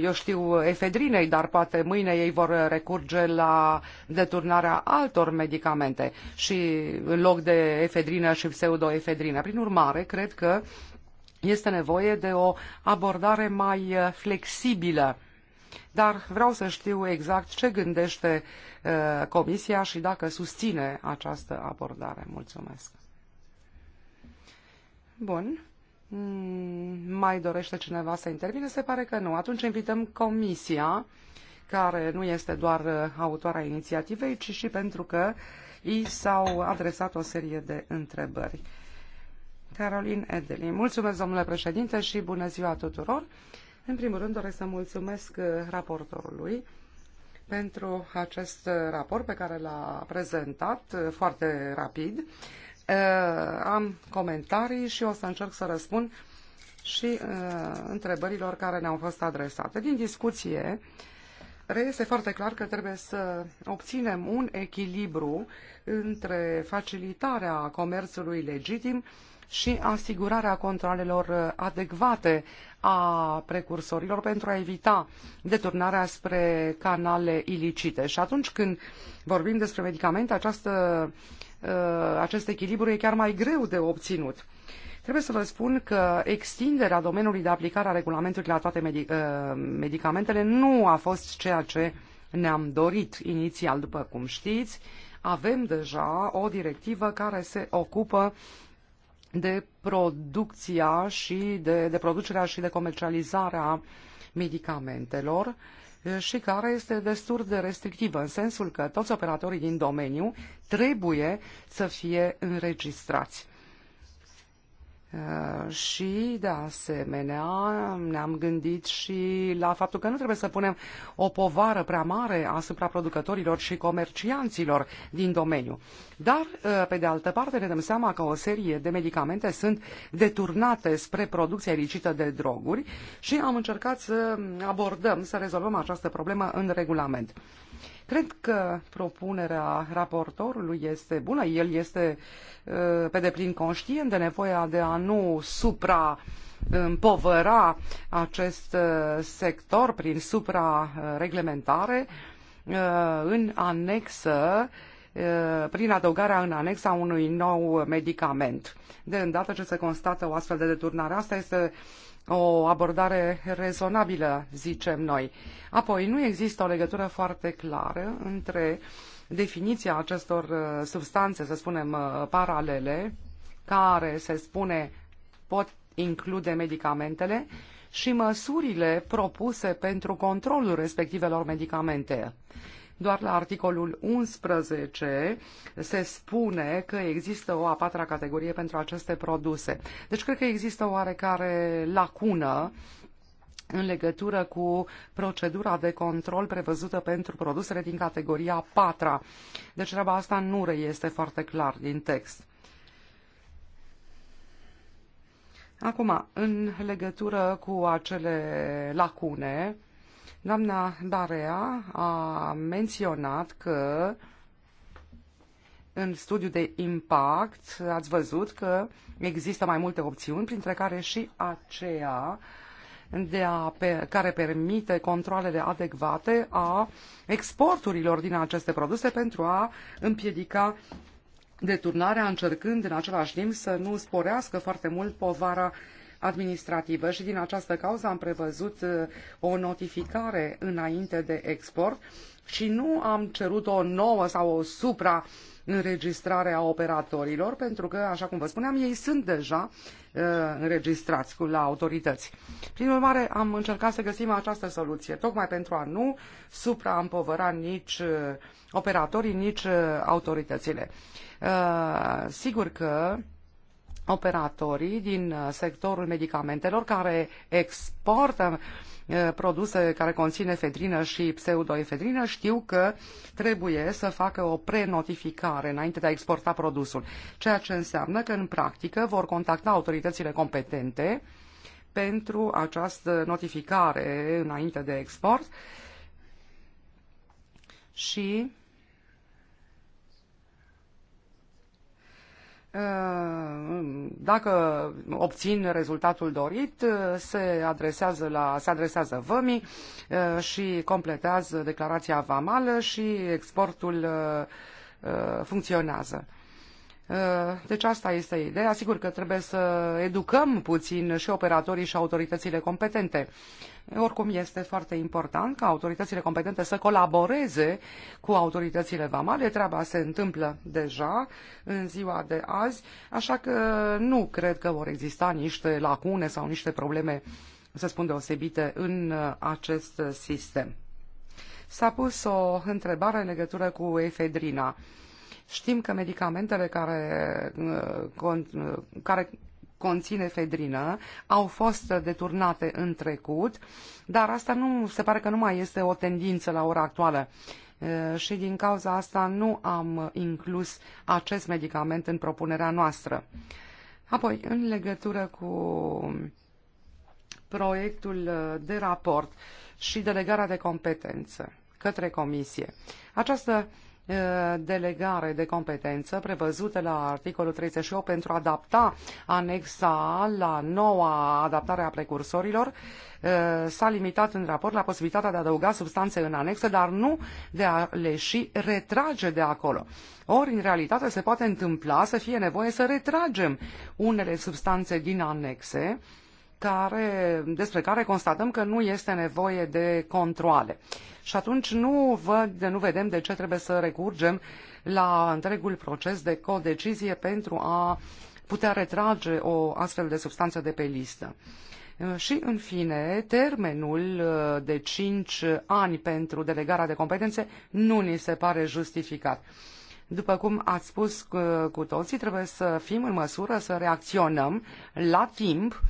eu știu, efedrinei, dar poate mâine ei vor recurge la deturnarea altor medicamente și în loc de efedrină și pseudoefedrină. Prin urmare, cred că este nevoie de o abordare mai eh, flexibilă. Dar vreau să știu exact ce gândește eh, Comisia și dacă susține această abordare. Mulțumesc. Bun. Mm, mai dorește cineva să intervine? Se pare că nu. Atunci invităm Comisia, care nu este doar eh, autoarea inițiativei, ci și pentru că i s-au adresat o serie de întrebări. Caroline Edley. Mulțumesc, domnule președinte, și bună ziua tuturor. În primul rând, doresc să mulțumesc uh, raportorului pentru acest uh, raport pe care l-a prezentat uh, foarte rapid. Am comentarii și o să încerc să răspund și întrebărilor care ne-au fost adresate. Din discuție, reiese foarte clar că trebuie să obținem un echilibru între facilitarea comerțului legitim și asigurarea controlelor uh, adecvate a precursorilor pentru a evita deturnarea spre canale ilicite. Și atunci când vorbim despre medicamente, această, uh, acest echilibru e chiar mai greu de obținut. Trebuie să vă spun că extinderea domeniului de aplicare a regulamentului la toate medic uh, medicamentele nu a fost ceea ce ne-am dorit inițial, după cum știți. Avem deja o directivă care se ocupă de producția și de, de producerea și de comercializarea medicamentelor și care este destul de restrictivă, în sensul că toți operatorii din domeniu trebuie să fie înregistrați. Uh, și, de asemenea, ne-am gândit și la faptul că nu trebuie să punem o povară prea mare asupra producătorilor și comercianților din domeniu. Dar, uh, pe de altă parte, ne dăm seama că o serie de medicamente sunt deturnate spre producția ilicită de droguri și am încercat să abordăm, să rezolvăm această problemă în regulament. Cred că propunerea raportorului este bună. El este uh, pe deplin conștient de nevoia de a nu supra împovăra acest uh, sector prin suprareglementare uh, în anexă prin adăugarea în anexa unui nou medicament. De îndată ce se constată o astfel de deturnare, asta este uh, o abordare rezonabilă, zicem noi. Apoi, nu există o legătură foarte clară între definiția acestor uh, substanțe, să spunem, uh, paralele, care, se spune, pot include medicamentele și măsurile propuse pentru controlul respectivelor medicamente. Doar la articolul 11 se spune că există o a patra categorie pentru aceste produse. Deci cred că există o oarecare lacună în legătură cu procedura de control prevăzută pentru produsele din categoria 4. Deci treaba asta nu reiese foarte clar din text. Acum, în legătură cu acele lacune, Doamna Barea a menționat că în studiul de impact ați văzut că există mai multe opțiuni, printre care și aceea de a, pe, care permite controlele adecvate a exporturilor din aceste produse pentru a împiedica deturnarea, încercând în același timp să nu sporească foarte mult povara uh, administrativă și din această cauză am prevăzut uh, o notificare înainte de export și nu am cerut o nouă sau o supra înregistrare a operatorilor, pentru că, așa cum vă spuneam, ei sunt deja uh, înregistrați la autorități. Prin urmare, am încercat să găsim această soluție, tocmai pentru a nu supraîmpovăra nici uh, operatorii, nici uh, autoritățile. Uh, sigur că uh, operatorii din uh, sectorul medicamentelor care exportă uh, produse care conțin efedrină și pseudoefedrină știu că trebuie să facă o prenotificare înainte de a exporta produsul, ceea ce înseamnă că în practică vor contacta autoritățile competente pentru această notificare înainte de export și Uh, dacă obțin rezultatul dorit, uh, se adresează, la, se adresează vămii uh, și completează declarația vamală și exportul funcționează. Eh, deci asta este ideea. Sigur că trebuie să educăm puțin și operatorii și autoritățile competente. Oricum este foarte important ca autoritățile competente să colaboreze cu autoritățile vamale. Treaba se întâmplă deja în ziua de azi, așa că nu cred că vor exista niște lacune sau niște probleme, să spun deosebite, în uh, acest sistem. S-a pus o întrebare în legătură cu efedrina. Știm că medicamentele care, uh, uh, care conțin efedrină au fost deturnate în trecut, dar asta nu se pare că nu mai este o tendință la ora actuală. Uh, și din cauza asta nu am inclus acest medicament în propunerea noastră. Apoi, în legătură cu proiectul de raport și delegarea de competență către comisie. Această uh, delegare de competență prevăzute la articolul 38 pentru a adapta anexa la noua adaptare a precursorilor s-a limitat în raport la posibilitatea de a adăuga substanțe în anexă, dar nu de a le și retrage de acolo. Ori, în realitate, se poate întâmpla să fie nevoie să retragem unele substanțe din anexe, uh, care, despre care constatăm că nu este nevoie de controle. Și atunci nu, văd, nu vedem de ce trebuie să recurgem la întregul proces de codecizie pentru a putea retrage o astfel de substanță de pe listă. Uh, și, în fine, termenul uh, de 5 ani pentru delegarea de competențe nu ni se pare justificat. După cum ați spus uh, cu toții, trebuie să fim în măsură să reacționăm la timp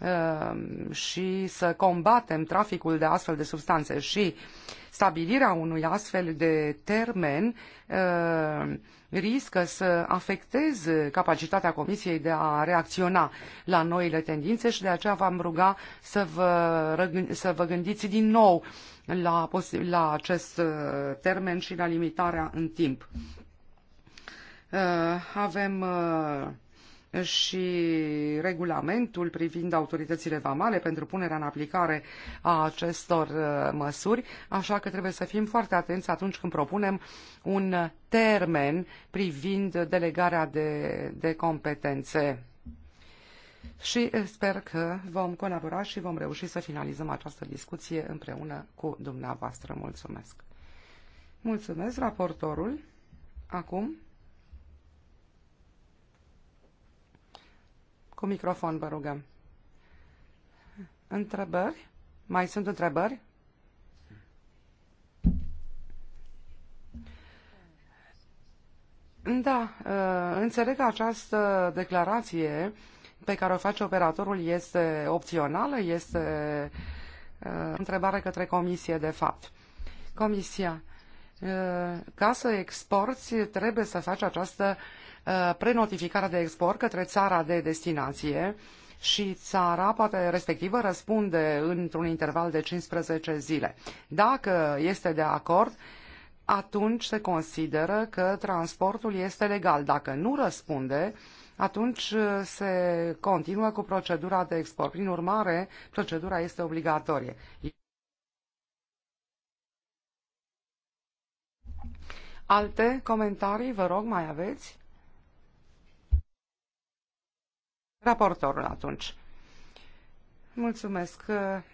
Um, și să combatem traficul de astfel de substanțe și stabilirea unui astfel de termen um, riscă să afecteze capacitatea Comisiei de a reacționa la noile tendințe și de aceea v-am ruga să vă, să vă gândiți din nou la, la acest uh, termen și la limitarea în timp. Uh, avem uh, și regulamentul privind autoritățile vamale pentru punerea în aplicare a acestor uh, măsuri, așa că trebuie să fim foarte atenți atunci când propunem un termen privind delegarea de, de competențe. Și sper că vom colabora și vom reuși să finalizăm această discuție împreună cu dumneavoastră. Mulțumesc! Mulțumesc, raportorul! Acum Cu microfon, vă rugăm. Întrebări? Mai sunt întrebări? Da, uh, înțeleg că această declarație pe care o face operatorul este opțională, este uh, întrebare către comisie, de fapt. Comisia, uh, ca să exporți, trebuie să faci această uh, Uh, prenotificarea de export către țara de destinație și țara poate respectivă răspunde într-un interval de 15 zile. Dacă este de acord, atunci se consideră că transportul este legal. Dacă nu răspunde, atunci uh, se continuă cu procedura de export. Prin urmare, procedura este obligatorie. Alte comentarii, vă rog, mai aveți? Raportorul atunci. Mulțumesc.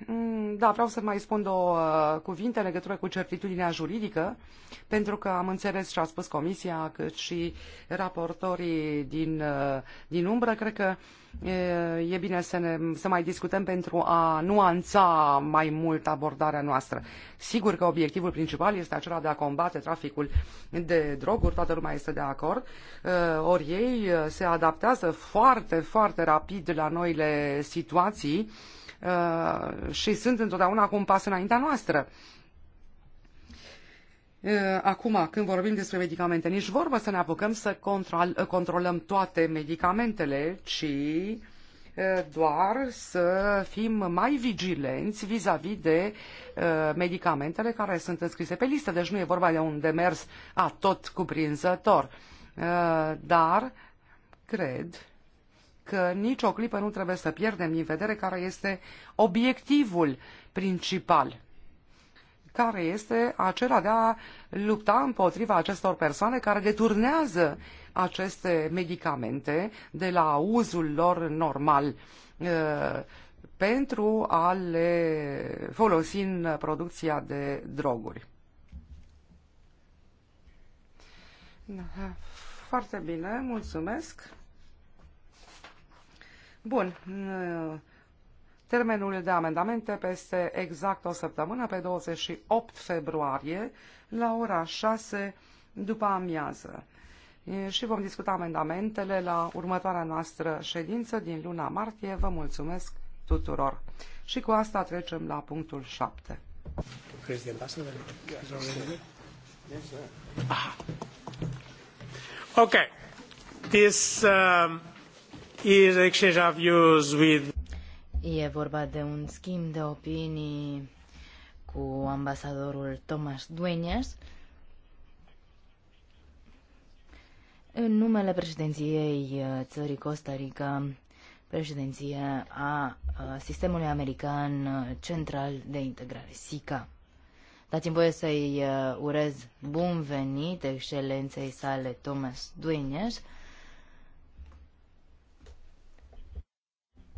Mm, da, vreau să mai spun două uh, cuvinte în legătură cu certitudinea juridică, pentru că am înțeles ce a spus Comisia, cât și raportorii din, uh, din umbră. Cred că uh, e bine să, ne, să mai discutăm pentru a nuanța mai mult abordarea noastră. Sigur că obiectivul principal este acela de a combate traficul de droguri, toată lumea este de acord, ori ei se adaptează foarte, foarte rapid la noile situații și sunt întotdeauna cu un pas înaintea noastră Eh, acum când vorbim despre medicamente, nici vorbă să ne apucăm să control, eh, controlăm toate medicamentele, ci eh, doar să fim mai vigilenți vis-a-vis -vis de medicamentele care sunt înscrise pe listă. Deci nu e vorba de un demers a tot cuprinzător. Dar cred că nici o clipă nu trebuie să pierdem din vedere care este obiectivul principal care este acela de a lupta împotriva acestor persoane care deturnează aceste medicamente de la uzul lor normal uh, pentru a le folosi în producția de droguri. Da, foarte bine, mulțumesc. Bun. Uh, Termenul de amendamente peste exact o săptămână, pe 28 februarie, la ora 6 după amiază. Și vom discuta amendamentele la următoarea noastră ședință din luna martie. Vă mulțumesc tuturor. Și cu asta trecem la punctul 7. Ok. This um, is exchange of views with E vorba de un schimb de opinii cu ambasadorul Thomas Dueñas. În numele președinției uh, țării Costa Rica, președinția a uh, sistemului american uh, central de integrare, SICA. Dați-mi voie să-i urez bun venit excelenței sale Thomas Dueñas,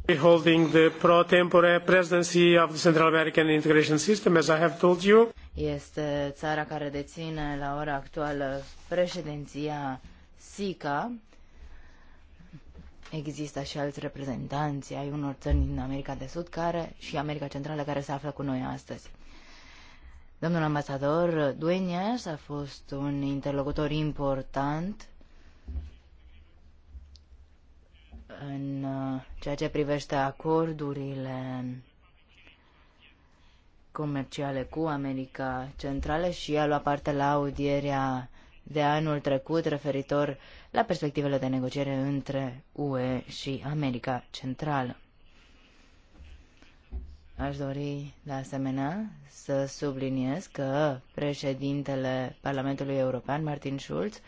Holding the pro-tempore presidency of the Central American Integration System, as I have told you. Este țara care deține la ora actuală președinția SICA. Există și alți reprezentanți ai unor țări din America de Sud care și America Centrală care se află cu noi astăzi. Domnul ambasador Dueñas a fost un interlocutor important În uh, ceea ce privește acordurile comerciale cu America Centrală și a luat parte la audierea de anul trecut referitor la perspectivele de negociere între UE și America Centrală. Aș dori, de asemenea, să subliniez că președintele Parlamentului European, Martin Schulz,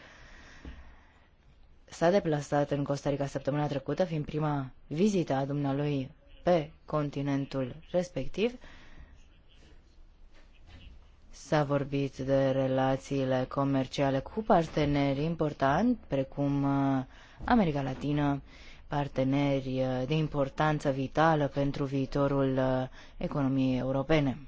s-a deplasat în Costa Rica săptămâna trecută, fiind prima vizită a dumnealui pe continentul respectiv. S-a vorbit de relațiile comerciale cu parteneri importanti, precum uh, America Latină, parteneri uh, de importanță vitală pentru viitorul uh, economiei europene.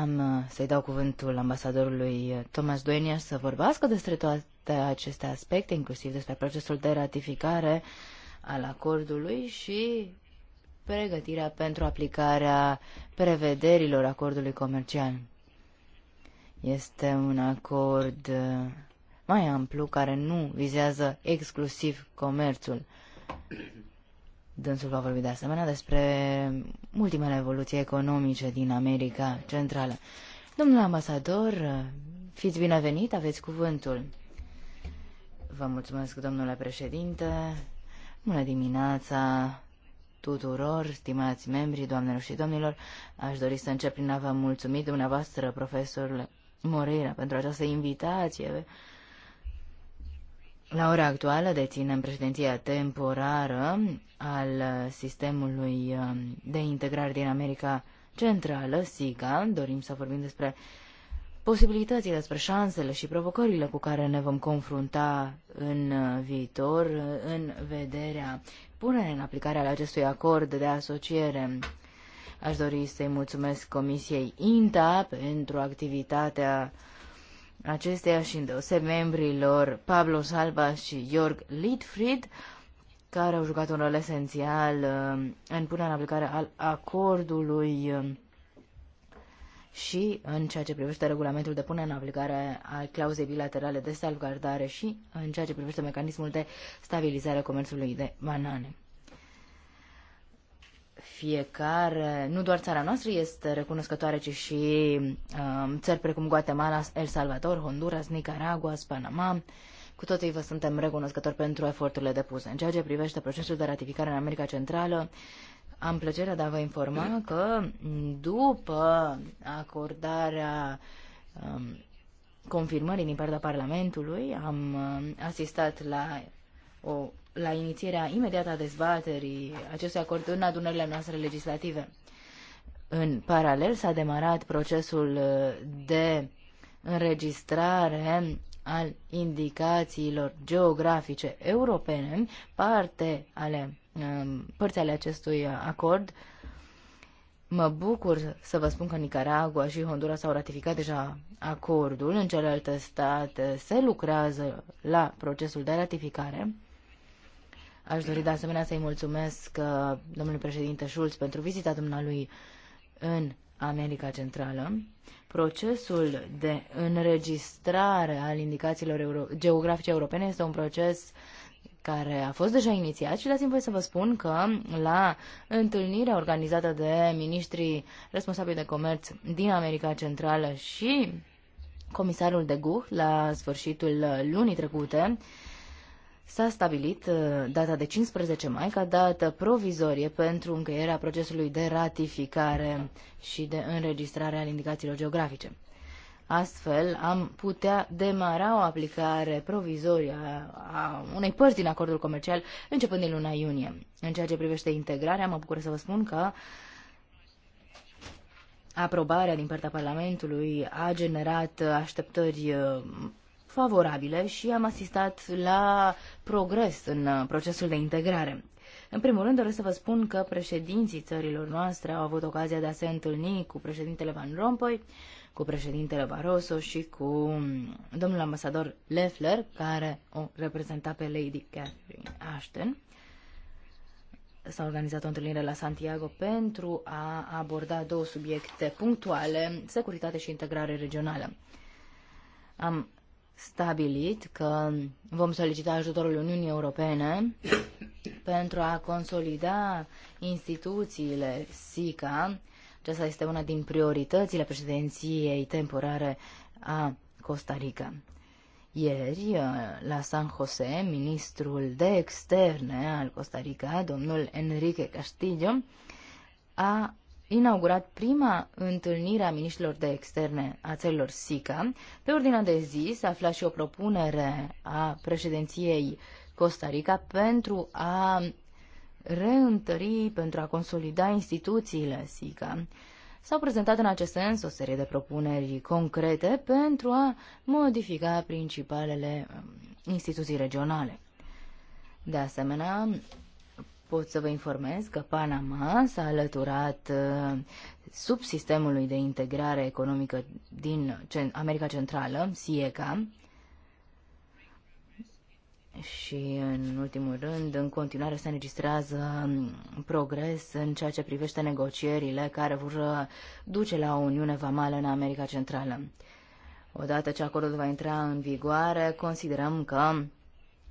Am uh, să-i dau cuvântul ambasadorului uh, Thomas Duenia să vorbească despre toate aceste aspecte, inclusiv despre procesul de ratificare al acordului și pregătirea pentru aplicarea prevederilor acordului comercial. Este un acord uh, mai amplu care nu vizează exclusiv comerțul. Dânsul va vorbi de asemenea despre ultimele evoluții economice din America Centrală. Domnule ambasador, fiți binevenit, aveți cuvântul. Vă mulțumesc, domnule președinte. Bună dimineața tuturor, stimați membri, doamnelor și domnilor. Aș dori să încep prin a vă mulțumi dumneavoastră, profesorul Moreira, pentru această invitație la ora actuală deținem președinția temporară al sistemului um, de integrare din America Centrală, SIGA. Dorim să vorbim despre posibilitățile, despre șansele și provocările cu care ne vom confrunta în uh, viitor uh, în vederea punerii în aplicare al acestui acord de asociere. Aș dori să-i mulțumesc Comisiei INTA pentru activitatea uh, acesteia și îndeoseb lor Pablo Salva și Jörg Liedfried, care au jucat un rol esențial um, în punerea în aplicare al acordului um, și în ceea ce privește regulamentul de punere în aplicare a clauzei bilaterale de salvgardare și în ceea ce privește mecanismul de stabilizare a comerțului de banane fiecare, nu doar țara noastră este recunoscătoare, ci și um, țări precum Guatemala, El Salvador, Honduras, Nicaragua, Panama. Cu toții vă suntem recunoscători pentru eforturile depuse. În ceea ce privește procesul de ratificare în America Centrală, am plăcerea de a vă informa că după acordarea um, confirmării din partea Parlamentului, am um, asistat la o la inițierea imediată a dezbaterii acestui acord în adunările noastre legislative. În paralel s-a demarat procesul uh, de înregistrare al indicațiilor geografice europene, parte ale, um, părți ale acestui acord. Mă bucur să vă spun că Nicaragua și Honduras au ratificat deja acordul. În celelalte state se lucrează la procesul de ratificare. Aș dori de asemenea să-i mulțumesc uh, domnului președinte Schulz pentru vizita dumnealui în America Centrală. Procesul de înregistrare al indicațiilor euro- geografice europene este un proces care a fost deja inițiat și dați-mi voi să vă spun că la întâlnirea organizată de ministrii responsabili de comerț din America Centrală și comisarul de Guh la sfârșitul lunii trecute, s-a stabilit uh, data de 15 mai ca dată provizorie pentru încheierea procesului de ratificare și de înregistrare al indicațiilor geografice. Astfel, am putea demara o aplicare provizorie a unei părți din acordul comercial începând din luna iunie. În ceea ce privește integrarea, mă bucur să vă spun că aprobarea din partea Parlamentului a generat așteptări uh, favorabile și am asistat la progres în uh, procesul de integrare. În primul rând, doresc să vă spun că președinții țărilor noastre au avut ocazia de a se întâlni cu președintele Van Rompuy, cu președintele Barroso și cu um, domnul ambasador Leffler, care o reprezenta pe Lady Catherine Ashton. S-a organizat o întâlnire la Santiago pentru a aborda două subiecte punctuale, securitate și integrare regională. Am stabilit că vom solicita ajutorul Uniunii Europene pentru a consolida instituțiile SICA. Aceasta este una din prioritățile președinției temporare a Costa Rica. Ieri, la San José, ministrul de externe al Costa Rica, domnul Enrique Castillo, a inaugurat prima întâlnire a miniștrilor de externe a țărilor SICA. Pe ordinea de zi se afla și o propunere a președinției Costa Rica pentru a reîntări, pentru a consolida instituțiile SICA. S-au prezentat în acest sens o serie de propuneri concrete pentru a modifica principalele um, instituții regionale. De asemenea, pot să vă informez că Panama s-a alăturat uh, subsistemului de integrare economică din America Centrală, SIECA, și, în ultimul rând, în continuare se înregistrează um, progres în ceea ce privește negocierile care vor uh, duce la o Uniune Vamală în America Centrală. Odată ce acordul va intra în vigoare, considerăm că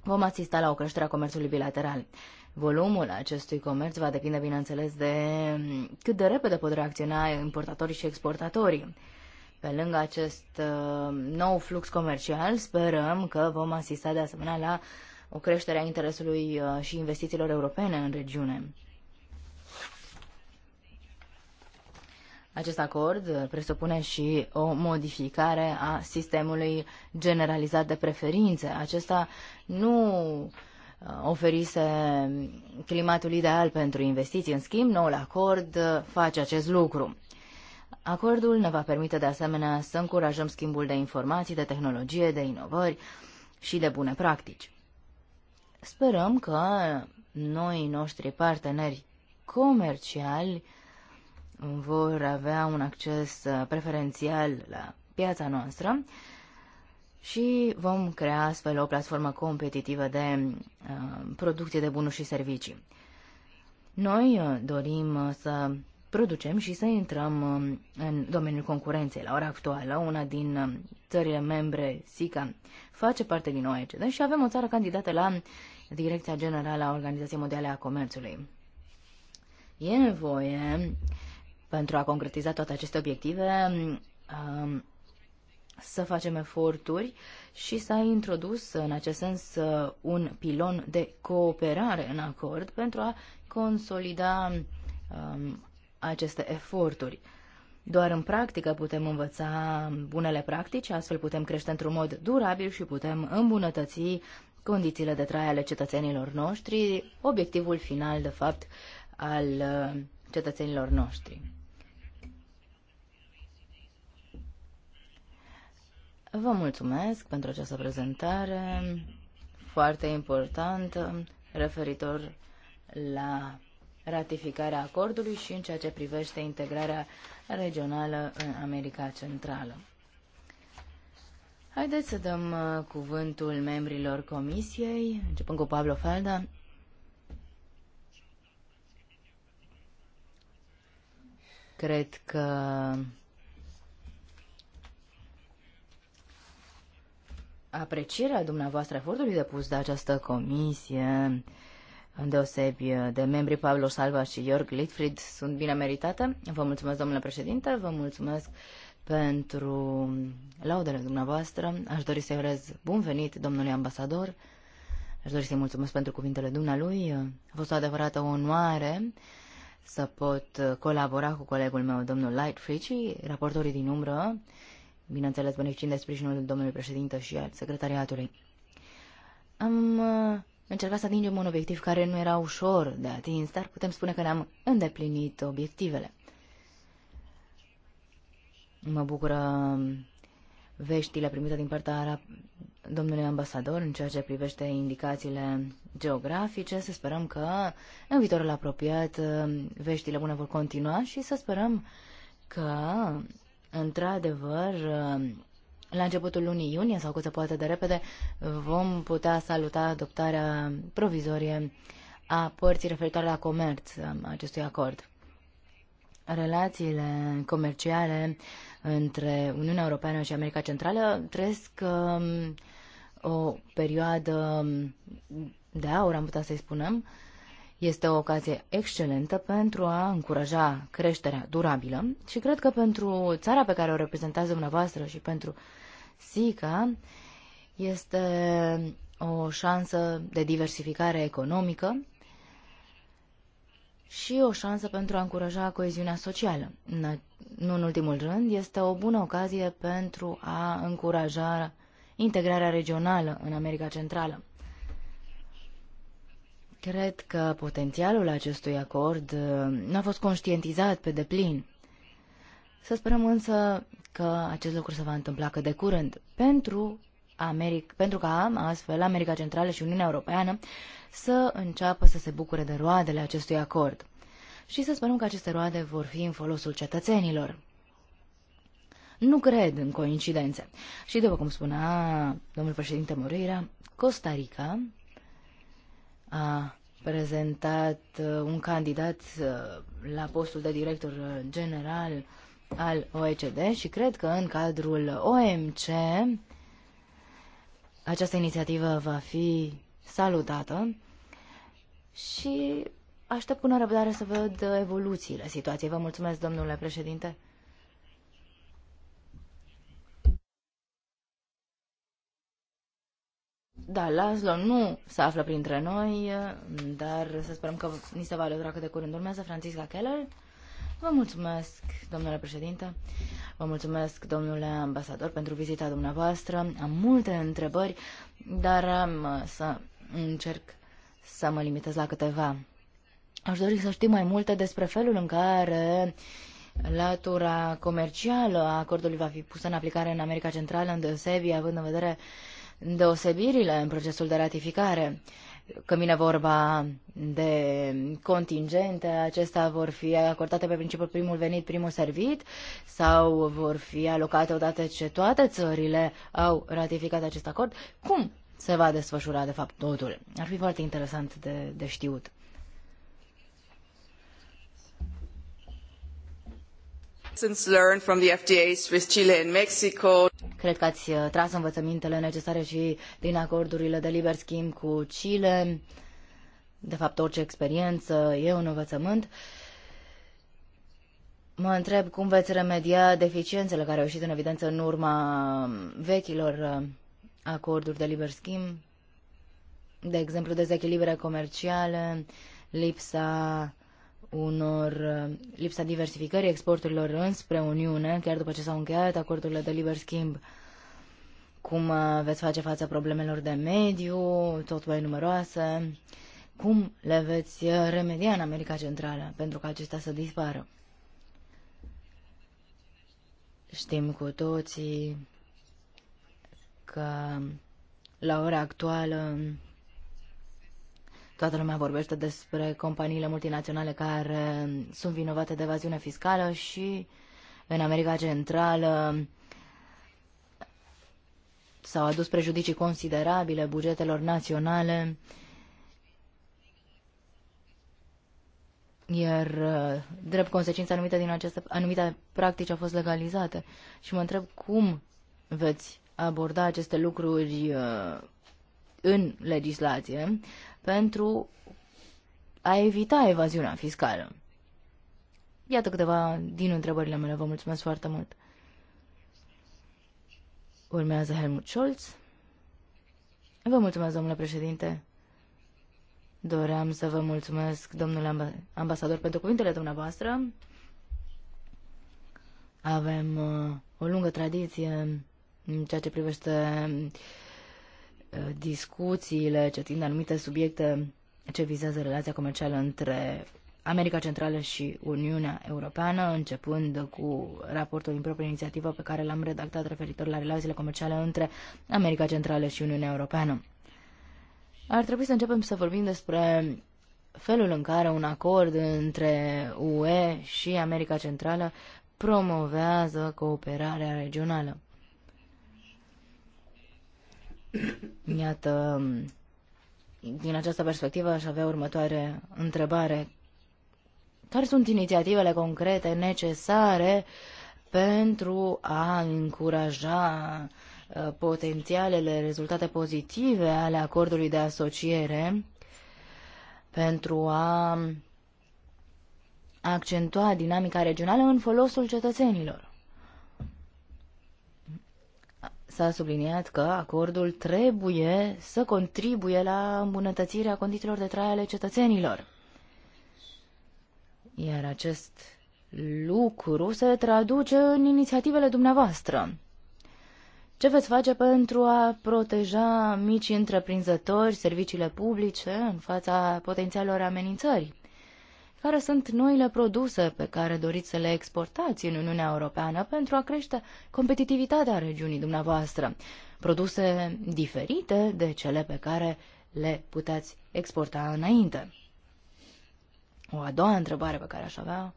vom asista la o creștere a comerțului bilateral. Volumul acestui comerț va depinde, bineînțeles, de cât de repede pot reacționa importatorii și exportatorii. Pe lângă acest uh, nou flux comercial, sperăm că vom asista de asemenea la o creștere a interesului uh, și investițiilor europene în regiune. Acest acord uh, presupune și o modificare a sistemului generalizat de preferințe. Acesta nu Uh, oferise climatul ideal pentru investiții. În schimb, noul acord uh, face acest lucru. Acordul ne va permite de asemenea să încurajăm schimbul de informații, de tehnologie, de inovări și de bune practici. Sperăm că noi noștri parteneri comerciali vor avea un acces uh, preferențial la piața noastră și vom crea astfel o platformă competitivă de uh, producție de bunuri și servicii. Noi uh, dorim uh, să producem și să intrăm uh, în domeniul concurenței. La ora actuală, una din țările membre, SICA, face parte din OECD și avem o țară candidată la Direcția Generală a Organizației Mondiale a Comerțului. E nevoie, pentru a concretiza toate aceste obiective, um, să facem eforturi și s-a introdus în acest sens un pilon de cooperare în acord pentru a consolida um, aceste eforturi. Doar în practică putem învăța bunele practici, astfel putem crește într-un mod durabil și putem îmbunătăți condițiile de trai ale cetățenilor noștri, obiectivul final, de fapt, al uh, cetățenilor noștri. Vă mulțumesc pentru această prezentare foarte importantă referitor la ratificarea acordului și în ceea ce privește integrarea regională în America Centrală. Haideți să dăm uh, cuvântul membrilor comisiei, începând cu Pablo Falda. Cred că aprecierea dumneavoastră efortului depus de această comisie, îndeosebi de membrii Pablo Salva și Jörg Littfried, sunt bine meritate. Vă mulțumesc, domnule președinte, vă mulțumesc pentru laudele dumneavoastră. Aș dori să-i urez bun venit domnului ambasador. Aș dori să-i mulțumesc pentru cuvintele dumnealui. A fost o adevărată onoare să pot colabora cu colegul meu, domnul Lightfried și raportorii din umbră bineînțeles beneficiind de sprijinul domnului președinte și al secretariatului. Am uh, încercat să atingem un obiectiv care nu era ușor de atins, dar putem spune că ne-am îndeplinit obiectivele. Mă bucură um, veștile primite din partea domnului ambasador în ceea ce privește indicațiile geografice. Să sperăm că în viitorul apropiat um, veștile bune vor continua și să sperăm că Într-adevăr, la începutul lunii iunie sau cât se poate de repede, vom putea saluta adoptarea provizorie a părții referitoare la comerț um, acestui acord. Relațiile comerciale între Uniunea Europeană și America Centrală trăiesc um, o perioadă de aur, am putea să-i spunem, este o ocazie excelentă pentru a încuraja creșterea durabilă și cred că pentru țara pe care o reprezentați dumneavoastră și pentru SICA este o șansă de diversificare economică și o șansă pentru a încuraja coeziunea socială. Nu în ultimul rând, este o bună ocazie pentru a încuraja integrarea regională în America Centrală. Cred că potențialul acestui acord uh, nu a fost conștientizat pe deplin. Să sperăm însă că acest lucru se va întâmpla cât de curând, pentru, Americ, pentru ca astfel America Centrală și Uniunea Europeană să înceapă să se bucure de roadele acestui acord. Și să sperăm că aceste roade vor fi în folosul cetățenilor. Nu cred în coincidențe. Și după cum spunea domnul președinte Moreira, Costa Rica a prezentat uh, un candidat uh, la postul de director general al OECD și cred că în cadrul OMC această inițiativă va fi salutată și aștept cu nerăbdare să văd evoluțiile situației. Vă mulțumesc, domnule președinte. Da, Laszlo nu se află printre noi, dar să sperăm că ni se va alătura cât de curând urmează Francisca Keller. Vă mulțumesc, domnule președinte. Vă mulțumesc, domnule ambasador, pentru vizita dumneavoastră. Am multe întrebări, dar am uh, să încerc să mă limitez la câteva. Aș dori să știu mai multe despre felul în care latura comercială a acordului va fi pusă în aplicare în America Centrală, în deosebi, având în vedere uh, deosebirile în procesul de ratificare. Când vine vorba de contingente, acestea vor fi acordate pe principiul primul venit, primul servit sau vor fi alocate odată ce toate țările au ratificat acest acord? Cum se va desfășura, de fapt, totul? Ar fi foarte interesant de, de știut. Cred că ați uh, tras învățămintele necesare și din acordurile de liber schimb cu Chile. De fapt, orice experiență e un învățământ. Mă întreb cum veți remedia deficiențele care au ieșit în evidență în urma vechilor uh, acorduri de liber schimb, de exemplu dezechilibre comerciale, lipsa unor uh, lipsa diversificării exporturilor înspre Uniune, chiar după ce s-au încheiat acordurile de liber schimb, cum uh, veți face față problemelor de mediu, tot mai numeroase, cum le veți uh, remedia în America Centrală pentru ca acestea să dispară. Știm cu toții că la ora actuală Toată lumea vorbește despre companiile multinaționale care sunt vinovate de evaziune fiscală și în America Centrală s-au adus prejudicii considerabile bugetelor naționale, iar uh, drept consecință anumite din aceste anumite practici au fost legalizate. Și mă întreb cum veți aborda aceste lucruri uh, în legislație pentru a evita evaziunea fiscală. Iată câteva din întrebările mele. Vă mulțumesc foarte mult. Urmează Helmut Scholz. Vă mulțumesc, domnule președinte. Doream să vă mulțumesc, domnule ambasador, pentru cuvintele dumneavoastră. Avem uh, o lungă tradiție în ceea ce privește discuțiile ce de anumite subiecte ce vizează relația comercială între America Centrală și Uniunea Europeană, începând cu raportul din propria inițiativă pe care l-am redactat referitor la relațiile comerciale între America Centrală și Uniunea Europeană. Ar trebui să începem să vorbim despre felul în care un acord între UE și America Centrală promovează cooperarea regională. Iată, din această perspectivă aș avea următoare întrebare. Care sunt inițiativele concrete necesare pentru a încuraja uh, potențialele rezultate pozitive ale acordului de asociere pentru a accentua dinamica regională în folosul cetățenilor. s-a subliniat că acordul trebuie să contribuie la îmbunătățirea condițiilor de trai ale cetățenilor. Iar acest lucru se traduce în inițiativele dumneavoastră. Ce veți face pentru a proteja micii întreprinzători, serviciile publice în fața potențialelor amenințări? care sunt noile produse pe care doriți să le exportați în Uniunea Europeană pentru a crește competitivitatea regiunii dumneavoastră. Produse diferite de cele pe care le puteți exporta înainte. O a doua întrebare pe care aș avea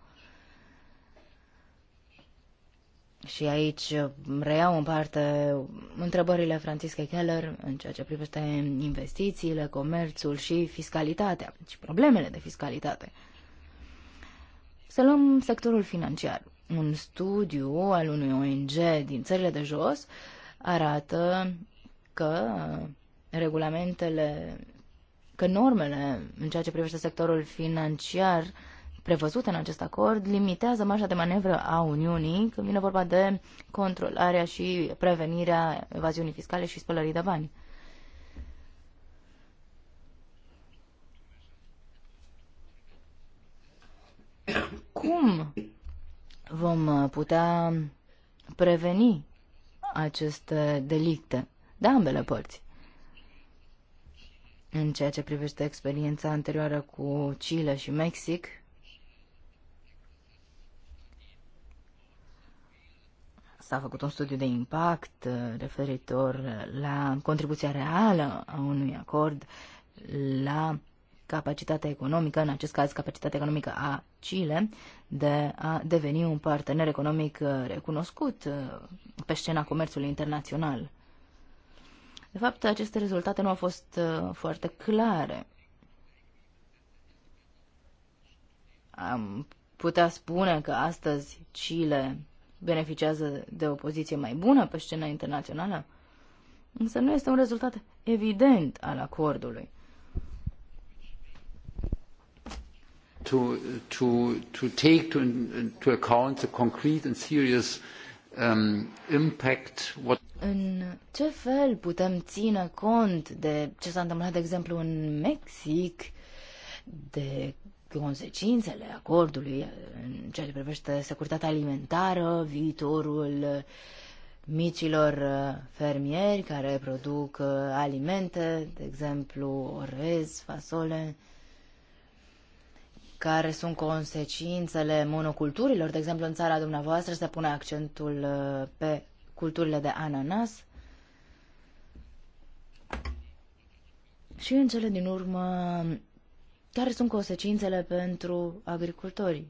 și aici reiau în parte întrebările Francisca Keller în ceea ce privește investițiile, comerțul și fiscalitatea și problemele de fiscalitate. Să luăm sectorul financiar. Un studiu al unui ONG din țările de jos arată că regulamentele, că normele în ceea ce privește sectorul financiar prevăzute în acest acord limitează marja de manevră a Uniunii când vine vorba de controlarea și prevenirea evaziunii fiscale și spălării de bani. cum vom uh, putea preveni aceste delicte de ambele părți. În ceea ce privește experiența anterioară cu Chile și Mexic, s-a făcut un studiu de impact uh, referitor la contribuția reală a unui acord la capacitatea economică, în acest caz capacitatea economică a Chile, de a deveni un partener economic uh, recunoscut uh, pe scena comerțului internațional. De fapt, aceste rezultate nu au fost uh, foarte clare. Am putea spune că astăzi Chile beneficiază de o poziție mai bună pe scena internațională, însă nu este un rezultat evident al acordului. to, to, to take to, into account the concrete and serious um, impact what în ce fel putem ține cont de ce s-a întâmplat, de exemplu, în Mexic, de consecințele acordului în ceea ce privește securitatea alimentară, viitorul micilor uh, fermieri care produc uh, alimente, de exemplu orez, fasole, care sunt consecințele monoculturilor. De exemplu, în țara dumneavoastră se pune accentul uh, pe culturile de ananas. Și în cele din urmă, care sunt consecințele pentru agricultori?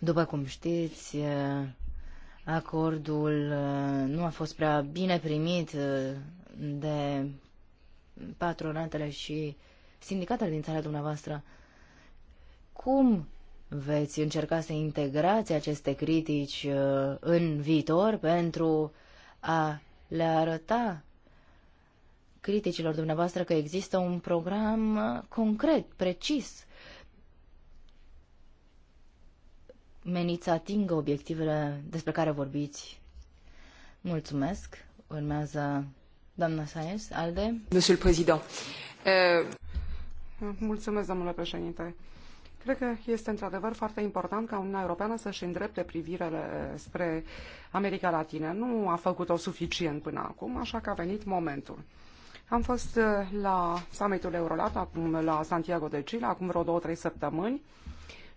După cum știți, uh, acordul uh, nu a fost prea bine primit de patronatele și sindicatele din țara dumneavoastră. Cum veți încerca să integrați aceste critici uh, în viitor pentru a le arăta criticilor dumneavoastră că există un program uh, concret, precis, menit să atingă obiectivele despre care vorbiți. Mulțumesc. Urmează Doamna Saez, ALDE. Monsieur le Président. Eh, mulțumesc, domnule președinte. Cred că este într-adevăr foarte important ca Uniunea Europeană să-și îndrepte privirele spre America Latină. Nu a făcut-o suficient până acum, așa că a venit momentul. Am fost eh, la summitul Eurolat, acum la Santiago de Chile, acum vreo două-trei săptămâni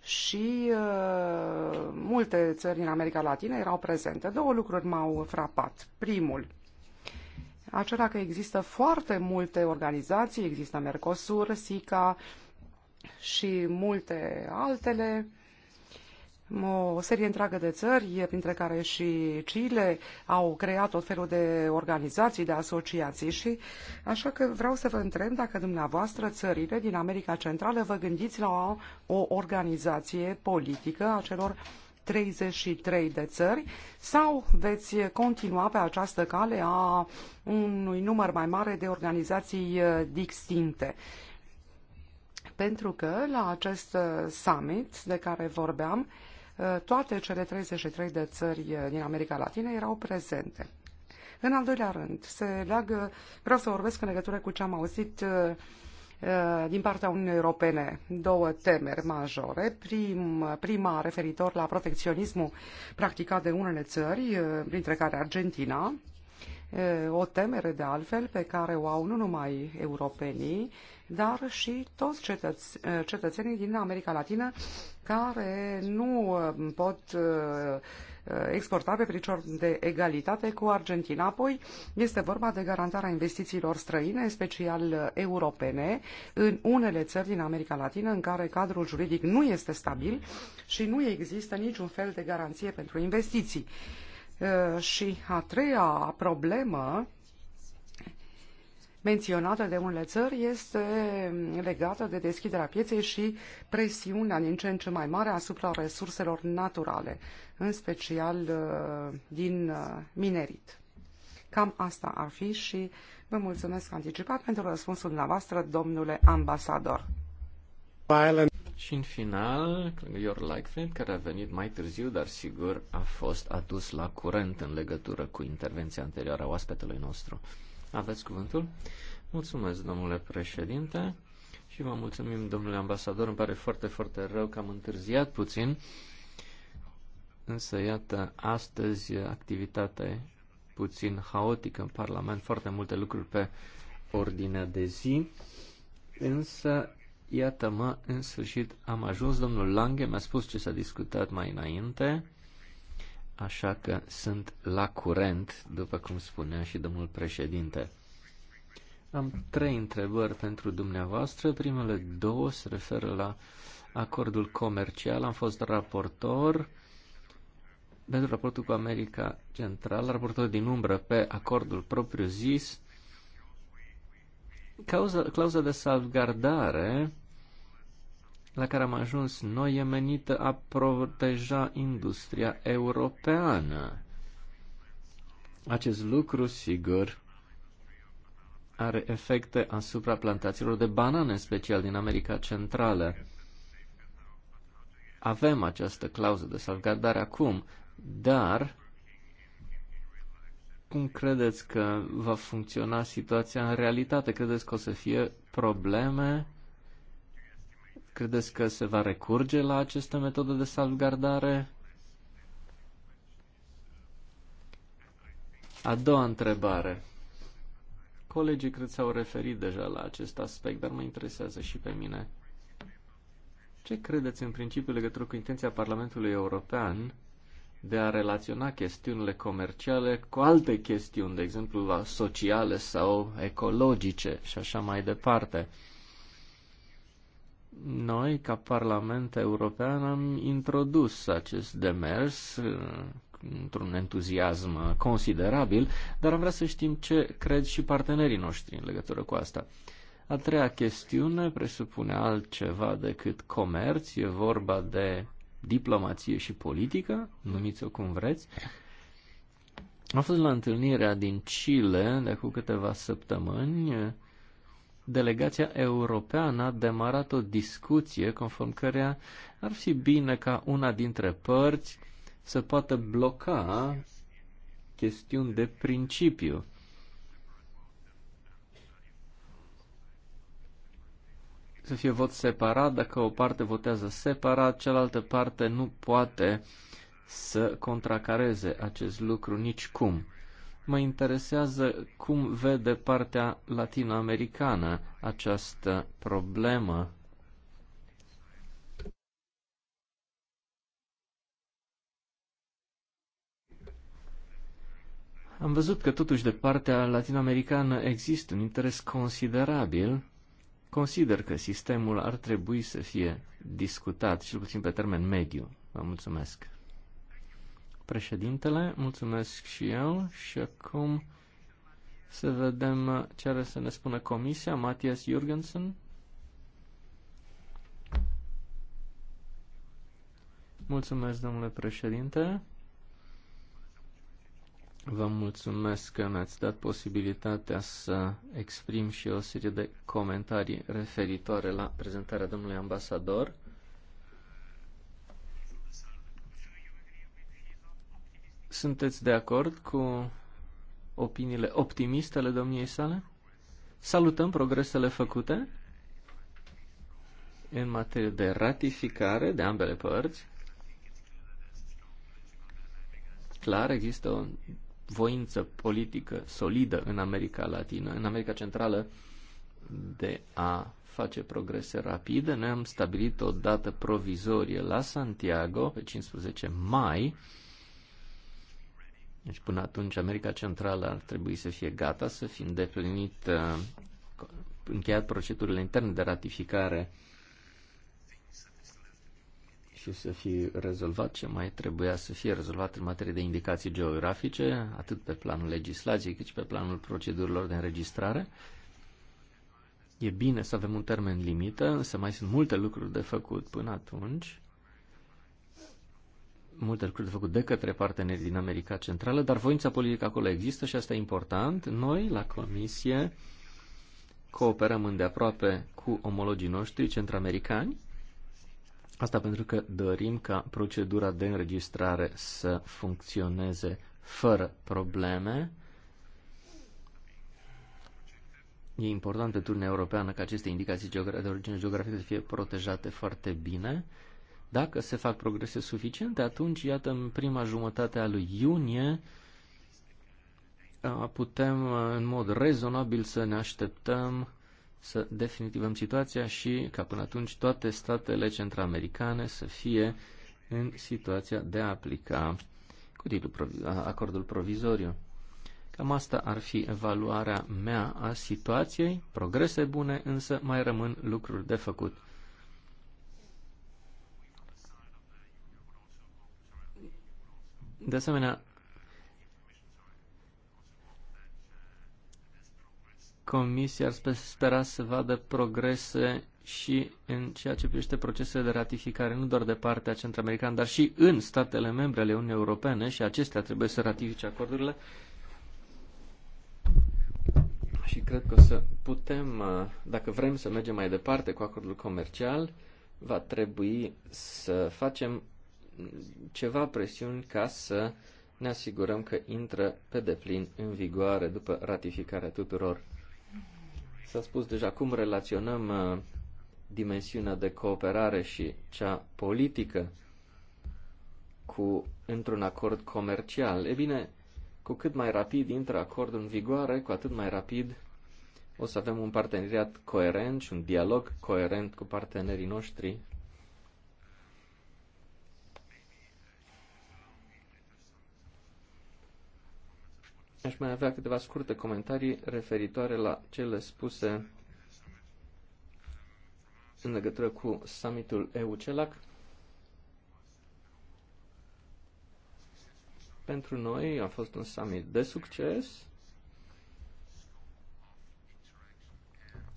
și uh, multe țări din America Latină erau prezente. Două lucruri m-au frapat. Primul, acela că există foarte multe organizații, există Mercosur, SICA și multe altele, o serie întreagă de țări, printre care și Chile, au creat tot felul de organizații, de asociații și așa că vreau să vă întreb dacă dumneavoastră țările din America Centrală vă gândiți la o, o organizație politică a celor 33 de țări sau veți continua pe această cale a unui număr mai mare de organizații uh, distincte? Pentru că la acest uh, summit de care vorbeam, uh, toate cele 33 de țări din America Latină erau prezente. În al doilea rând, se leagă, vreau să vorbesc în legătură cu ce am auzit Uh, din partea Uniunii Europene două temeri majore. Prim, prima referitor la protecționismul practicat de unele țări, uh, printre care Argentina, uh, o temere de altfel pe care o au nu numai europenii, dar și toți cetăț- cetățenii din America Latină care nu pot uh, Uh, exporta pe picior de egalitate cu Argentina. Apoi este vorba de garantarea investițiilor străine, special uh, europene, în unele țări din America Latină în care cadrul juridic nu este stabil și nu există niciun fel de garanție pentru investiții. Uh, și a treia problemă menționată de unele țări este legată de deschiderea pieței și presiunea din ce în ce mai mare asupra resurselor naturale, în special uh, din uh, minerit. Cam asta ar fi și vă mulțumesc anticipat pentru răspunsul dumneavoastră, domnule ambasador. Și în final, Ior friend care a venit mai târziu, dar sigur a fost adus la curent în legătură cu intervenția anterioară a oaspetelui nostru. Aveți cuvântul. Mulțumesc, domnule președinte, și vă mulțumim, domnule ambasador. Îmi pare foarte, foarte rău că am întârziat puțin, însă, iată, astăzi activitate puțin haotică în Parlament, foarte multe lucruri pe ordinea de zi, însă, iată-mă, în sfârșit am ajuns. Domnul Lange mi-a spus ce s-a discutat mai înainte așa că sunt la curent, după cum spunea și domnul președinte. Am trei întrebări pentru dumneavoastră. Primele două se referă la acordul comercial. Am fost raportor pentru raportul cu America Centrală, raportor din umbră pe acordul propriu-zis. Cauza, clauza de salvgardare la care am ajuns noi e menită a proteja industria europeană. Acest lucru, sigur, are efecte asupra plantațiilor de banane, în special din America Centrală. Avem această clauză de salvgardare acum, dar cum credeți că va funcționa situația în realitate? Credeți că o să fie probleme Credeți că se va recurge la această metodă de salvgardare? A doua întrebare. Colegii cred s-au referit deja la acest aspect, dar mă interesează și pe mine. Ce credeți în principiu legătură cu intenția Parlamentului European de a relaționa chestiunile comerciale cu alte chestiuni, de exemplu sociale sau ecologice și așa mai departe? Noi, ca Parlament European, am introdus acest demers uh, într-un entuziasm considerabil, dar am vrea să știm ce cred și partenerii noștri în legătură cu asta. A treia chestiune presupune altceva decât comerț, e vorba de diplomație și politică, numiți-o cum vreți. Am fost la întâlnirea din Chile de acum câteva săptămâni delegația europeană a demarat o discuție conform căreia ar fi bine ca una dintre părți să poată bloca chestiuni de principiu. Să fie vot separat, dacă o parte votează separat, cealaltă parte nu poate să contracareze acest lucru nicicum. Mă interesează cum vede partea latinoamericană această problemă. Am văzut că totuși de partea latinoamericană există un interes considerabil. Consider că sistemul ar trebui să fie discutat, cel puțin pe termen mediu. Vă mulțumesc. Președintele, mulțumesc și eu și acum să vedem ce are să ne spună comisia. Matthias Jurgensen. Mulțumesc, domnule președinte. Vă mulțumesc că mi-ați dat posibilitatea să exprim și o serie de comentarii referitoare la prezentarea domnului ambasador. Sunteți de acord cu opiniile optimiste ale domniei sale? Salutăm progresele făcute în materie de ratificare de ambele părți. Clar, există o voință politică solidă în America Latină, în America Centrală, de a face progrese rapide. Noi am stabilit o dată provizorie la Santiago pe 15 mai deci până atunci America Centrală ar trebui să fie gata să fie îndeplinit, uh, încheiat procedurile interne de ratificare și să fie rezolvat ce mai trebuia să fie rezolvat în materie de indicații geografice, atât pe planul legislației, cât și pe planul procedurilor de înregistrare. E bine să avem un termen limită, însă mai sunt multe lucruri de făcut până atunci multe lucruri de făcut de către parteneri din America Centrală, dar voința politică acolo există și asta e important. Noi, la Comisie, cooperăm îndeaproape cu omologii noștri centroamericani, asta pentru că dorim ca procedura de înregistrare să funcționeze fără probleme. E important pentru Uniunea Europeană ca aceste indicații de origine geografică să fie protejate foarte bine. Dacă se fac progrese suficiente, atunci, iată, în prima jumătate a lui iunie, uh, putem uh, în mod rezonabil să ne așteptăm să definitivăm situația și ca până atunci toate statele centroamericane să fie în situația de a aplica acordul provizoriu. Cam asta ar fi evaluarea mea a situației, progrese bune, însă mai rămân lucruri de făcut. De asemenea, Comisia ar spera să vadă progrese și în ceea ce privește procesele de ratificare, nu doar de partea centroamericană, dar și în statele membre ale Uniunii Europene și acestea trebuie să ratifice acordurile. Și cred că o să putem, uh, dacă vrem să mergem mai departe cu acordul comercial, va trebui să facem ceva presiuni ca să ne asigurăm că intră pe deplin în vigoare după ratificarea tuturor. S-a spus deja cum relaționăm uh, dimensiunea de cooperare și cea politică cu într-un acord comercial. E bine, cu cât mai rapid intră acordul în vigoare, cu atât mai rapid o să avem un parteneriat coerent și un dialog coerent cu partenerii noștri Aș mai avea câteva scurte comentarii referitoare la cele spuse în legătură cu summitul EU-CELAC. Pentru noi a fost un summit de succes.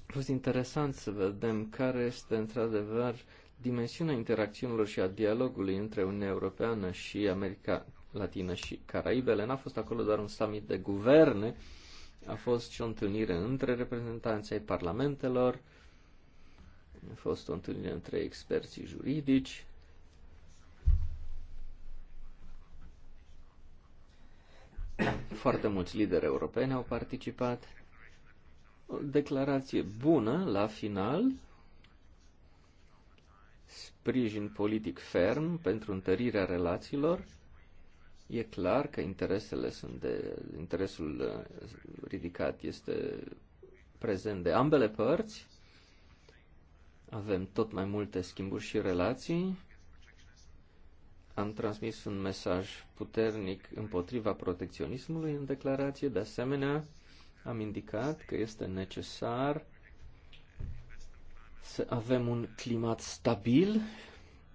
A fost interesant să vedem care este într-adevăr dimensiunea interacțiunilor și a dialogului între Uniunea Europeană și America Latină și Caraibele. N-a fost acolo doar un summit de guverne, a fost și o întâlnire între reprezentanții ai parlamentelor, a fost o întâlnire între experții juridici, Foarte mulți lideri europeni au participat. O declarație bună la final, sprijin politic ferm pentru întărirea relațiilor E clar că interesele sunt de, interesul uh, ridicat este prezent de ambele părți. Avem tot mai multe schimburi și relații. Am transmis un mesaj puternic împotriva protecționismului în declarație. De asemenea, am indicat că este necesar să avem un climat stabil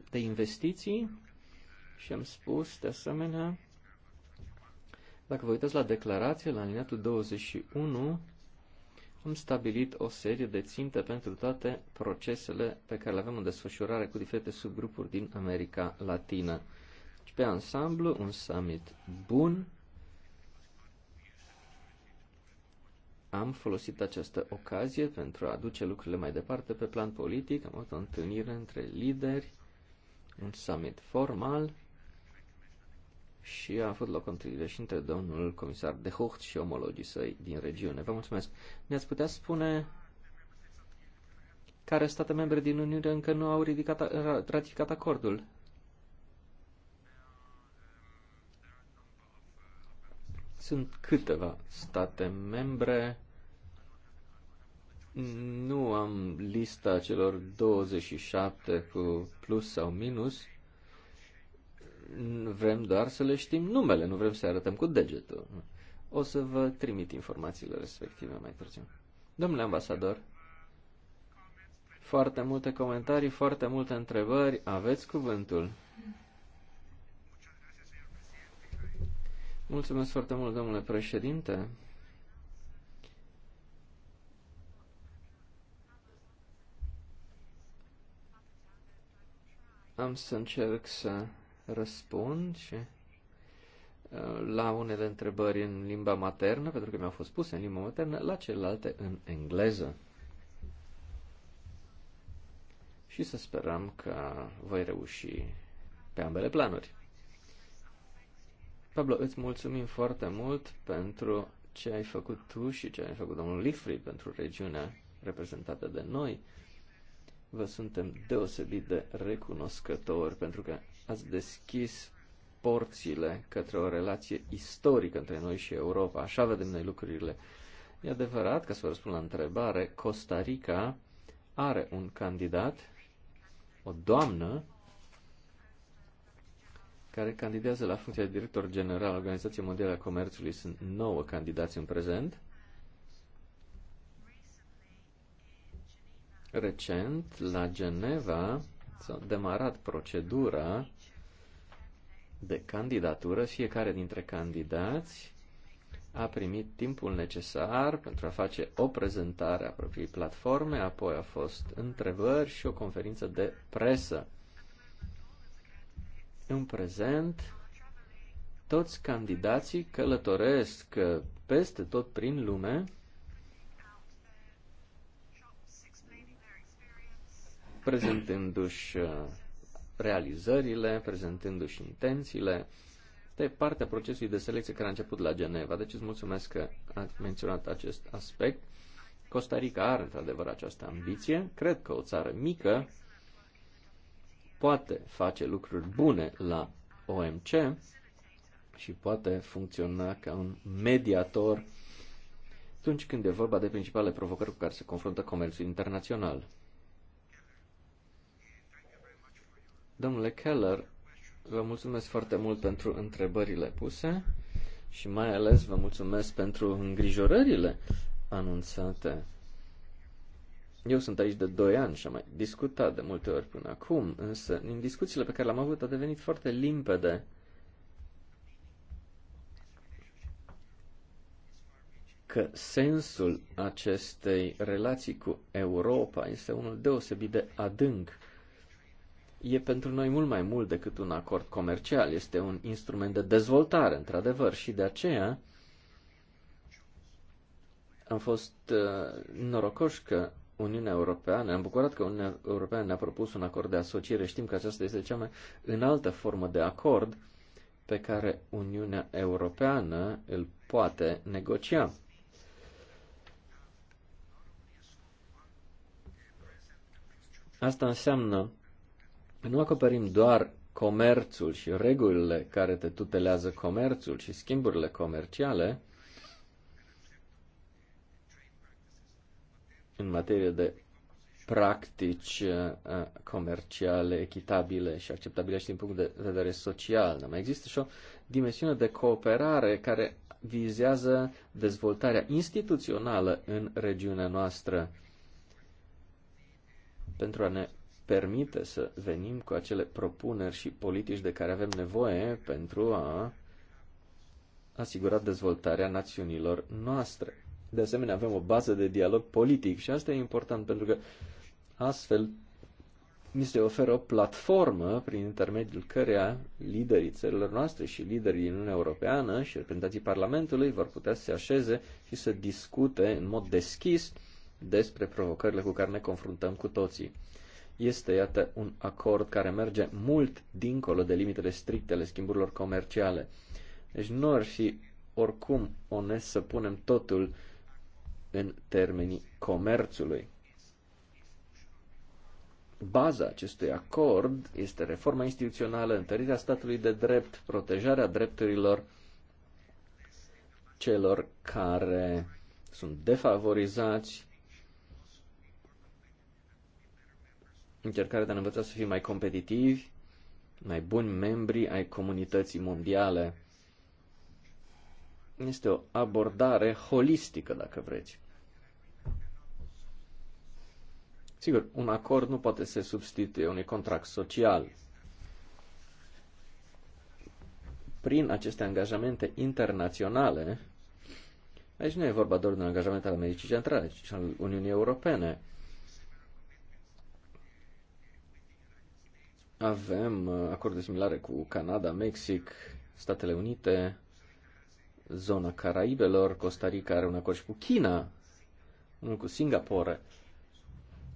de investiții și am spus, de asemenea, dacă vă uitați la declarație, la alineatul 21, am stabilit o serie de ținte pentru toate procesele pe care le avem în desfășurare cu diferite subgrupuri din America Latină. Și deci, pe ansamblu, un summit bun. Am folosit această ocazie pentru a aduce lucrurile mai departe pe plan politic. Am avut o întâlnire între lideri, un summit formal și a avut loc o întâlnire și între domnul comisar de Hucht și omologii săi din regiune. Vă mulțumesc. Ne-ați putea spune care state membre din Uniune încă nu au ridicat, ratificat acordul? Sunt câteva state membre. Nu am lista celor 27 cu plus sau minus vrem doar să le știm numele, nu vrem să arătăm cu degetul. O să vă trimit informațiile respective mai târziu. Domnule ambasador, foarte multe comentarii, foarte multe întrebări, aveți cuvântul. Mulțumesc foarte mult, domnule președinte. Am să încerc să răspund și uh, la unele întrebări în limba maternă, pentru că mi-au fost puse în limba maternă, la celelalte în engleză. Și să sperăm că voi reuși pe ambele planuri. Pablo, îți mulțumim foarte mult pentru ce ai făcut tu și ce ai făcut domnul Lifri pentru regiunea reprezentată de noi. Vă suntem deosebit de recunoscători pentru că ați deschis porțile către o relație istorică între noi și Europa. Așa vedem noi lucrurile. E adevărat, ca să vă răspund la întrebare, Costa Rica are un candidat, o doamnă, care candidează la funcția de director general al Organizației Mondiale a Comerțului. Sunt nouă candidați în prezent. Recent, la Geneva, s-a demarat procedura de candidatură, fiecare dintre candidați a primit timpul necesar pentru a face o prezentare a propriei platforme, apoi a fost întrebări și o conferință de presă. În prezent, toți candidații călătoresc peste tot prin lume, prezentându-și uh, realizările, prezentându-și intențiile. Asta partea procesului de selecție care a început la Geneva. Deci îți mulțumesc că ați menționat acest aspect. Costa Rica are într-adevăr această ambiție. Cred că o țară mică poate face lucruri bune la OMC și poate funcționa ca un mediator atunci când e vorba de principalele provocări cu care se confruntă comerțul internațional. Domnule Keller, vă mulțumesc foarte mult pentru întrebările puse și mai ales vă mulțumesc pentru îngrijorările anunțate. Eu sunt aici de 2 ani și am mai discutat de multe ori până acum, însă din discuțiile pe care le-am avut a devenit foarte limpede că sensul acestei relații cu Europa este unul deosebit de adânc e pentru noi mult mai mult decât un acord comercial, este un instrument de dezvoltare, într-adevăr, și de aceea am fost uh, norocoși că Uniunea Europeană, am bucurat că Uniunea Europeană ne-a propus un acord de asociere, știm că aceasta este cea mai înaltă formă de acord pe care Uniunea Europeană îl poate negocia. Asta înseamnă nu acoperim doar comerțul și regulile care te tutelează comerțul și schimburile comerciale în materie de practici eh, comerciale echitabile și acceptabile și din punct de vedere social. mai există și o dimensiune de cooperare care vizează dezvoltarea instituțională în regiunea noastră pentru a ne permite să venim cu acele propuneri și politici de care avem nevoie pentru a asigura dezvoltarea națiunilor noastre. De asemenea, avem o bază de dialog politic și asta e important pentru că astfel ni se oferă o platformă prin intermediul căreia liderii țărilor noastre și liderii din Uniunea Europeană și reprezentanții Parlamentului vor putea să se așeze și să discute în mod deschis despre provocările cu care ne confruntăm cu toții este, iată, un acord care merge mult dincolo de limitele stricte ale schimburilor comerciale. Deci nu ar fi oricum onest să punem totul în termenii comerțului. Baza acestui acord este reforma instituțională, întărirea statului de drept, protejarea drepturilor celor care sunt defavorizați încercare de a ne învăța să fim mai competitivi, mai buni membri ai comunității mondiale. Este o abordare holistică, dacă vreți. Sigur, un acord nu poate să substituie unui contract social. Prin aceste angajamente internaționale, aici nu e vorba doar de un angajament al Americii Centrale, ci al Uniunii Europene, Avem uh, acorduri similare cu Canada, Mexic, Statele Unite, zona Caraibelor, Costa Rica are un acord și cu China, unul cu Singapore,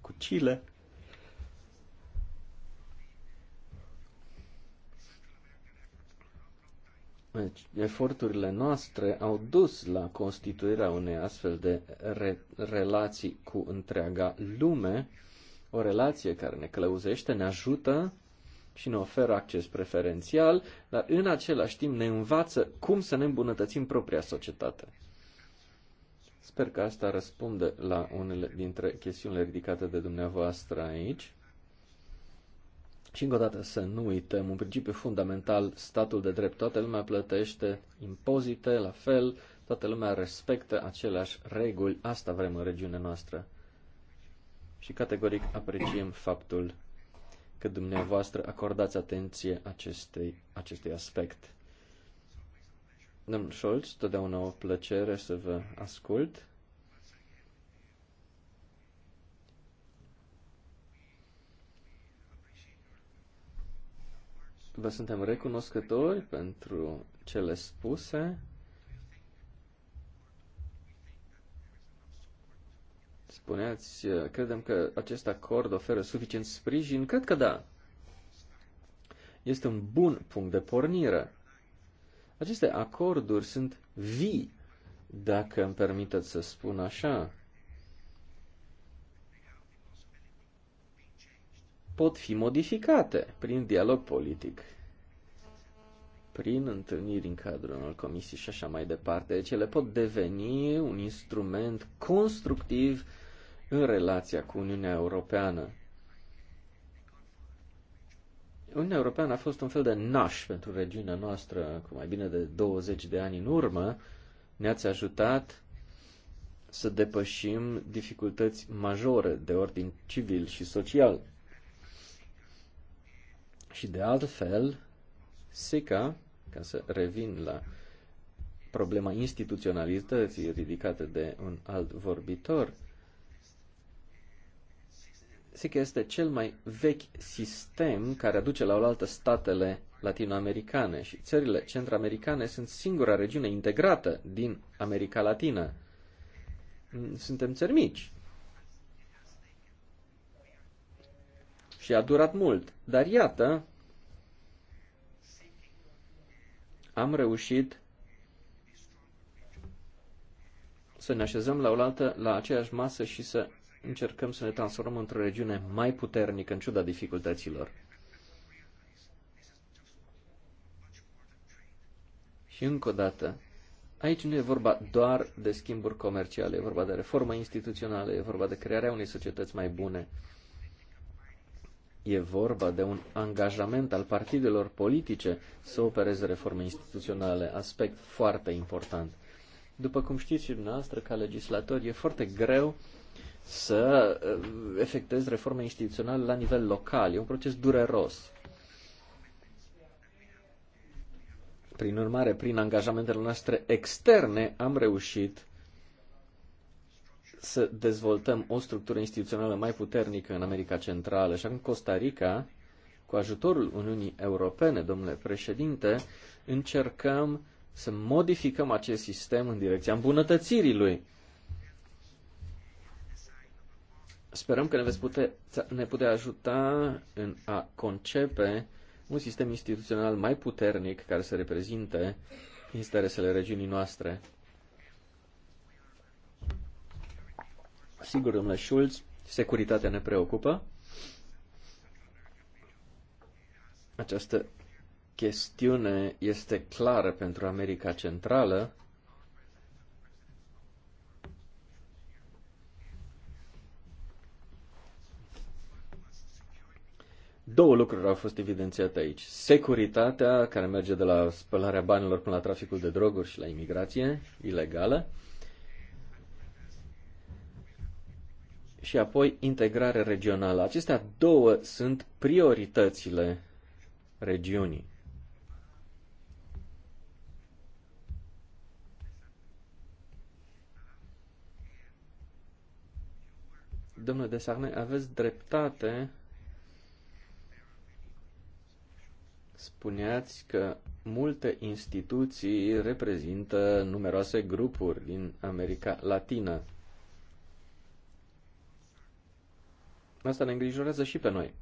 cu Chile. Deci, eforturile noastre au dus la constituirea unei astfel de re- relații cu întreaga lume, o relație care ne călăuzește, ne ajută și ne oferă acces preferențial, dar în același timp ne învață cum să ne îmbunătățim propria societate. Sper că asta răspunde la unele dintre chestiunile ridicate de dumneavoastră aici. Și încă o dată să nu uităm un principiu fundamental, statul de drept. Toată lumea plătește impozite, la fel, toată lumea respectă aceleași reguli. Asta vrem în regiunea noastră. Și categoric apreciem faptul că dumneavoastră acordați atenție acestei, acestui aspect. Domnul Scholz, totdeauna o plăcere să vă ascult. Vă suntem recunoscători pentru cele spuse. spuneați, uh, credem că acest acord oferă suficient sprijin? Cred că da. Este un bun punct de pornire. Aceste acorduri sunt vii, dacă îmi permiteți să spun așa. Pot fi modificate prin dialog politic, prin întâlniri în cadrul unor comisii și așa mai departe. Deci ele pot deveni un instrument constructiv în relația cu Uniunea Europeană. Uniunea Europeană a fost un fel de naș pentru regiunea noastră cu mai bine de 20 de ani în urmă. Ne-ați ajutat să depășim dificultăți majore de ordin civil și social. Și de altfel, SICA, ca să revin la problema instituționalității ridicată de un alt vorbitor, că este cel mai vechi sistem care aduce la oaltă statele latinoamericane și țările centroamericane sunt singura regiune integrată din America Latină. Suntem țări mici. Și a durat mult. Dar iată, am reușit să ne așezăm la oaltă, la aceeași masă și să încercăm să ne transformăm într-o regiune mai puternică în ciuda dificultăților. Și încă o dată, aici nu e vorba doar de schimburi comerciale, e vorba de reformă instituțională, e vorba de crearea unei societăți mai bune. E vorba de un angajament al partidelor politice să opereze reforme instituționale, aspect foarte important. După cum știți și dumneavoastră, ca legislator, e foarte greu să uh, efectuezi reforme instituționale la nivel local. E un proces dureros. Prin urmare, prin angajamentele noastre externe, am reușit să dezvoltăm o structură instituțională mai puternică în America Centrală. Și în Costa Rica, cu ajutorul Uniunii Europene, domnule președinte, încercăm să modificăm acest sistem în direcția îmbunătățirii lui. Sperăm că ne veți pute, ne pute ajuta în a concepe un sistem instituțional mai puternic care să reprezinte interesele regiunii noastre. Sigur, domnule Schulz, securitatea ne preocupă. Această chestiune este clară pentru America Centrală Două lucruri au fost evidențiate aici. Securitatea, care merge de la spălarea banilor până la traficul de droguri și la imigrație ilegală. Și apoi integrare regională. Acestea două sunt prioritățile regiunii. Domnule Desarne, aveți dreptate spuneați că multe instituții reprezintă numeroase grupuri din America Latină. Asta ne îngrijorează și pe noi.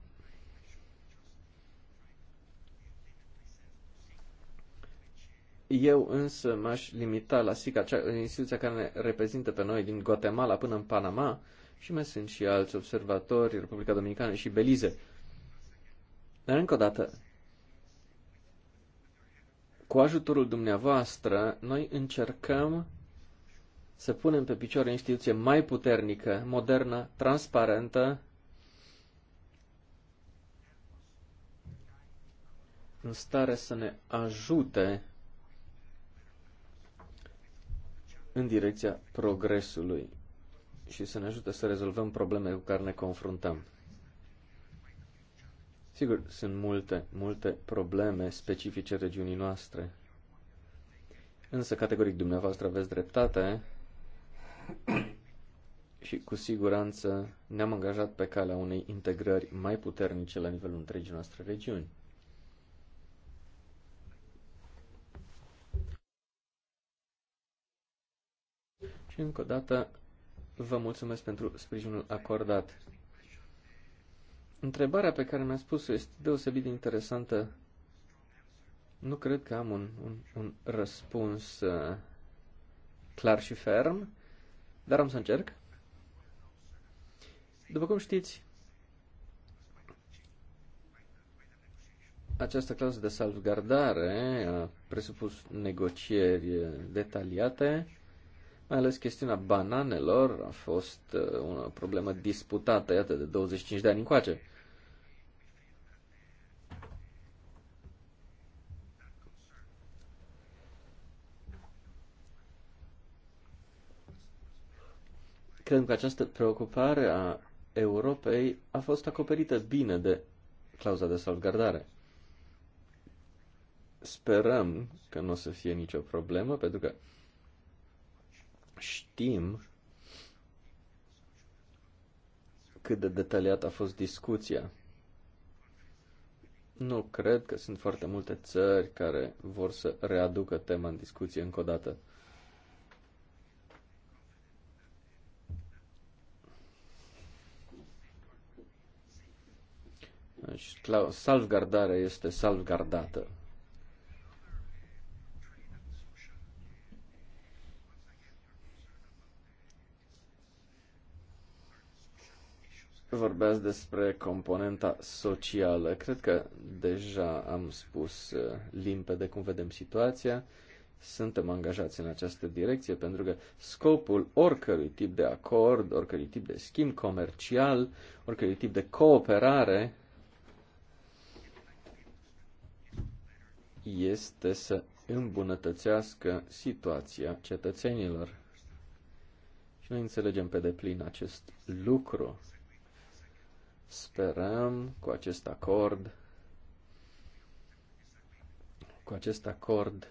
Eu însă m-aș limita la SICA, instituția care ne reprezintă pe noi din Guatemala până în Panama și mai sunt și alți observatori, Republica Dominicană și Belize. Dar încă o dată, cu ajutorul dumneavoastră, noi încercăm să punem pe picioare o instituție mai puternică, modernă, transparentă, în stare să ne ajute în direcția progresului și să ne ajute să rezolvăm problemele cu care ne confruntăm. Sigur, sunt multe, multe probleme specifice regiunii noastre. Însă, categoric, dumneavoastră aveți dreptate și cu siguranță ne-am angajat pe calea unei integrări mai puternice la nivelul întregii noastre regiuni. Și încă o dată vă mulțumesc pentru sprijinul acordat. Întrebarea pe care mi-a spus-o este deosebit de interesantă. Nu cred că am un, un, un răspuns uh, clar și ferm, dar am să încerc. După cum știți, această clauză de salvgardare a presupus negocieri uh, detaliate, mai ales chestiunea bananelor a fost uh, una problemă disputată, iată, de 25 de ani încoace. Cred că această preocupare a Europei a fost acoperită bine de clauza de salvgardare. Sperăm că nu o să fie nicio problemă, pentru că știm cât de detaliat a fost discuția. Nu cred că sunt foarte multe țări care vor să readucă tema în discuție încă o dată. Deci, salvgardarea este salvgardată. vorbeați despre componenta socială. Cred că deja am spus uh, limpede cum vedem situația. Suntem angajați în această direcție pentru că scopul oricărui tip de acord, oricărui tip de schimb comercial, oricărui tip de cooperare este să îmbunătățească situația cetățenilor. Și noi înțelegem pe deplin acest lucru. Sperăm cu acest acord, cu acest acord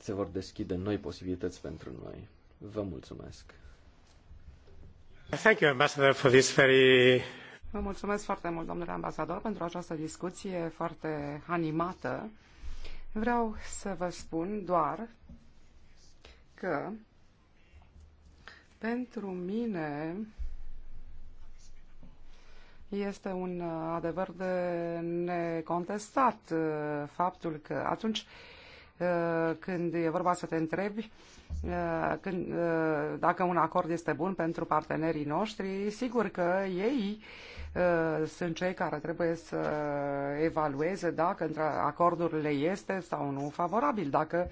se vor deschide noi posibilități pentru noi. Vă mulțumesc. Thank you, Ambassador, for this very Vă mulțumesc foarte mult, domnule ambasador, pentru această discuție foarte animată. Vreau să vă spun doar că pentru mine este un adevăr de necontestat uh, faptul că atunci când e vorba să te întrebi uh, când, uh, dacă un acord este bun pentru partenerii noștri, sigur că ei uh, sunt cei care trebuie să evalueze dacă între acordurile este sau nu favorabil, dacă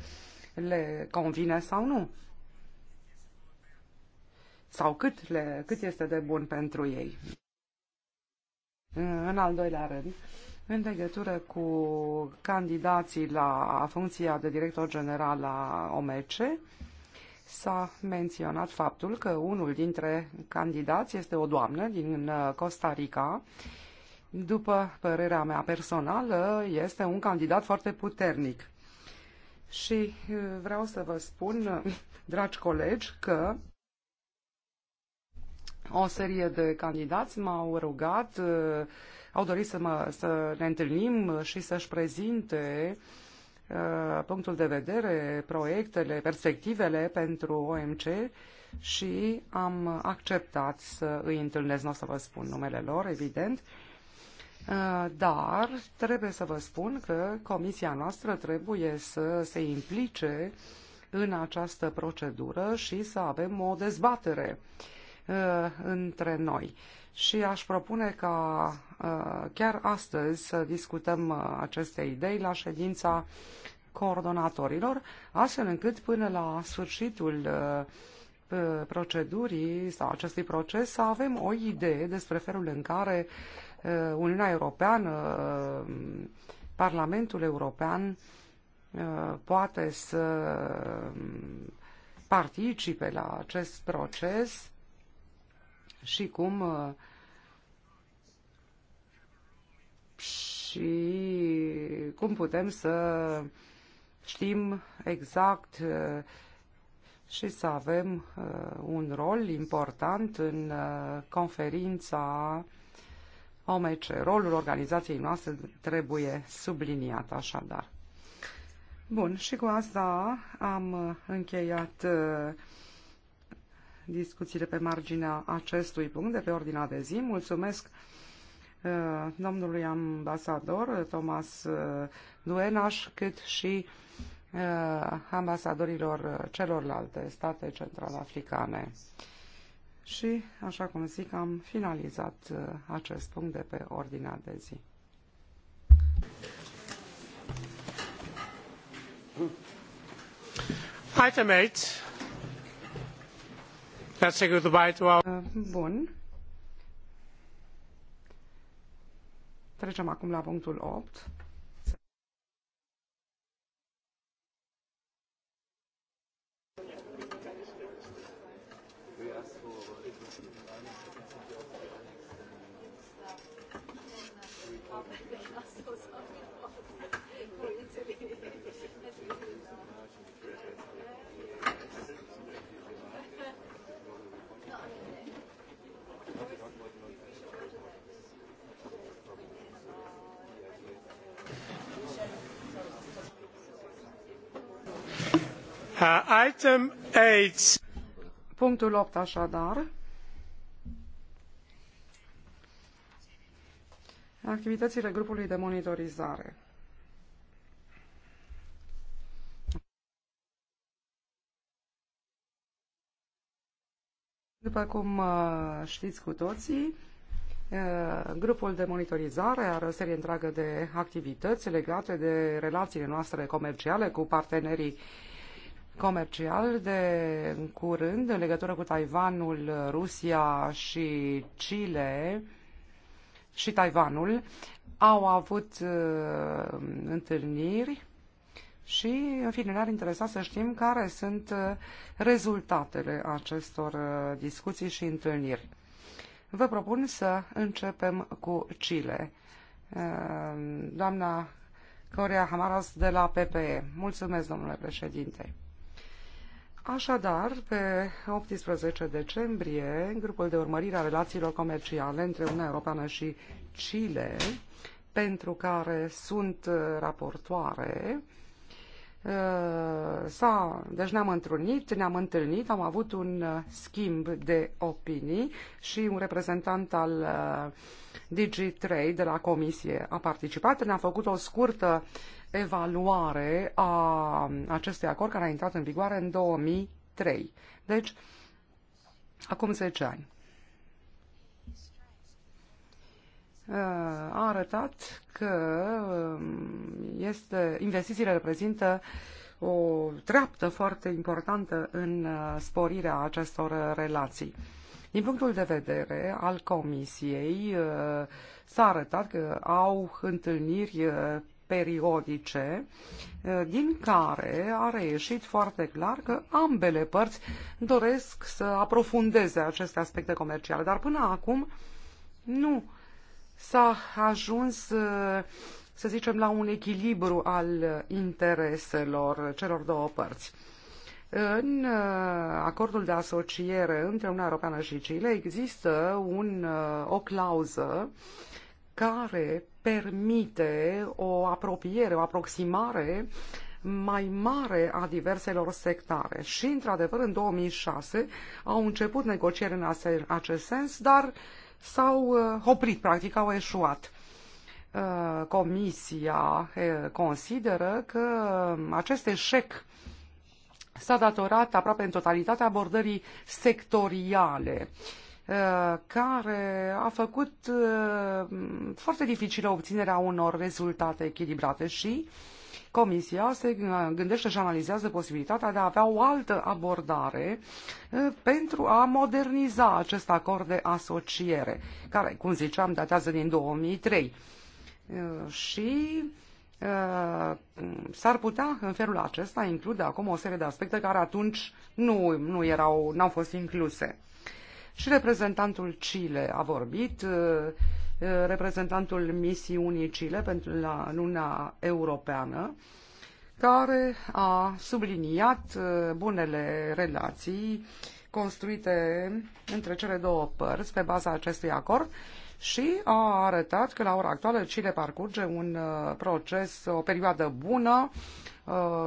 le convine sau nu. Sau cât, le, cât este de bun pentru ei. În al doilea rând, în legătură cu candidații la funcția de director general la OMC, s-a menționat faptul că unul dintre candidați este o doamnă din uh, Costa Rica. După părerea mea personală, este un candidat foarte puternic. Și uh, vreau să vă spun, dragi colegi, că o serie de candidați m-au rugat uh, au dorit să, mă, să ne întâlnim și să-și prezinte uh, punctul de vedere, proiectele, perspectivele pentru OMC și am acceptat să îi întâlnesc, nu o să vă spun numele lor, evident, uh, dar trebuie să vă spun că comisia noastră trebuie să se implice în această procedură și să avem o dezbatere. Uh, Uh, între noi. Și aș propune ca uh, chiar astăzi să discutăm uh, aceste idei la ședința coordonatorilor, astfel încât până la sfârșitul procedurii sau acestui proces să avem o idee despre felul în care Uniunea Europeană, Parlamentul European poate să um, participe la acest proces și cum uh, și cum putem să știm exact uh, și să avem uh, un rol important în conferința OMC. Rolul organizației noastre trebuie subliniat așadar. Bun, și cu asta am încheiat discuțiile pe marginea acestui punct de pe ordinea de zi. Mulțumesc uh, domnului ambasador Thomas uh, Duenaș, cât și uh, ambasadorilor celorlalte state central-africane. Și, așa cum zic, am finalizat acest punct de pe ordinea de zi. Item 8 Uh, bun. Trecem acum la punctul 8. item 8. Punctul 8 așadar. Activitățile grupului de monitorizare. După cum uh, știți cu toții, uh, grupul de monitorizare are o serie întreagă de activități legate de relațiile noastre comerciale cu partenerii comercial de curând în legătură cu Taiwanul, Rusia și Chile și Taiwanul au avut uh, întâlniri și, în fine, ne-ar interesa să știm care sunt uh, rezultatele acestor uh, discuții și întâlniri. Vă propun să începem cu Chile. Uh, doamna Corea Hamaras de la PPE. Mulțumesc, domnule președinte. Așadar, pe 18 decembrie, grupul de urmărire a relațiilor comerciale între Uniunea Europeană și Chile, pentru care sunt uh, raportoare, uh, s-a, deci ne-am întrunit, ne-am întâlnit, am avut un uh, schimb de opinii și un reprezentant al DG3 de la Comisie a participat. Ne-a făcut o scurtă uh, evaluare a acestui acord care a intrat în vigoare în 2003. Deci, acum 10 ani. Uh, a arătat că um, este, investițiile reprezintă o treaptă foarte importantă în uh, sporirea acestor uh, relații. Din punctul de vedere al Comisiei, s-a arătat că au întâlniri periodice, eh, din care a reieșit foarte clar că ambele părți doresc să aprofundeze aceste aspecte comerciale. Dar până acum nu s-a ajuns, eh, să zicem, la un echilibru al intereselor celor două părți. În eh, acordul de asociere între Uniunea Europeană și Chile există un, o clauză care permite o apropiere, o aproximare mai mare a diverselor sectare. Și, într-adevăr, în 2006 au început negocieri în acest sens, dar s-au uh, oprit, practic, au eșuat. Uh, Comisia uh, consideră că um, acest eșec s-a datorat aproape în totalitate abordării sectoriale uh, Uh, care a făcut uh, foarte dificilă obținerea unor rezultate echilibrate și Comisia se gândește și analizează posibilitatea de a avea o altă abordare uh, pentru a moderniza acest acord de asociere, care, cum ziceam, datează din 2003. Și s-ar putea în felul acesta include acum o serie de aspecte care atunci nu, nu erau, n-au fost incluse. Și reprezentantul Chile a vorbit, uh, uh, reprezentantul misiunii Chile pentru la luna Europeană, care a subliniat uh, bunele relații construite între cele două părți pe baza acestui acord și a arătat că la ora actuală Chile parcurge un proces, o perioadă bună,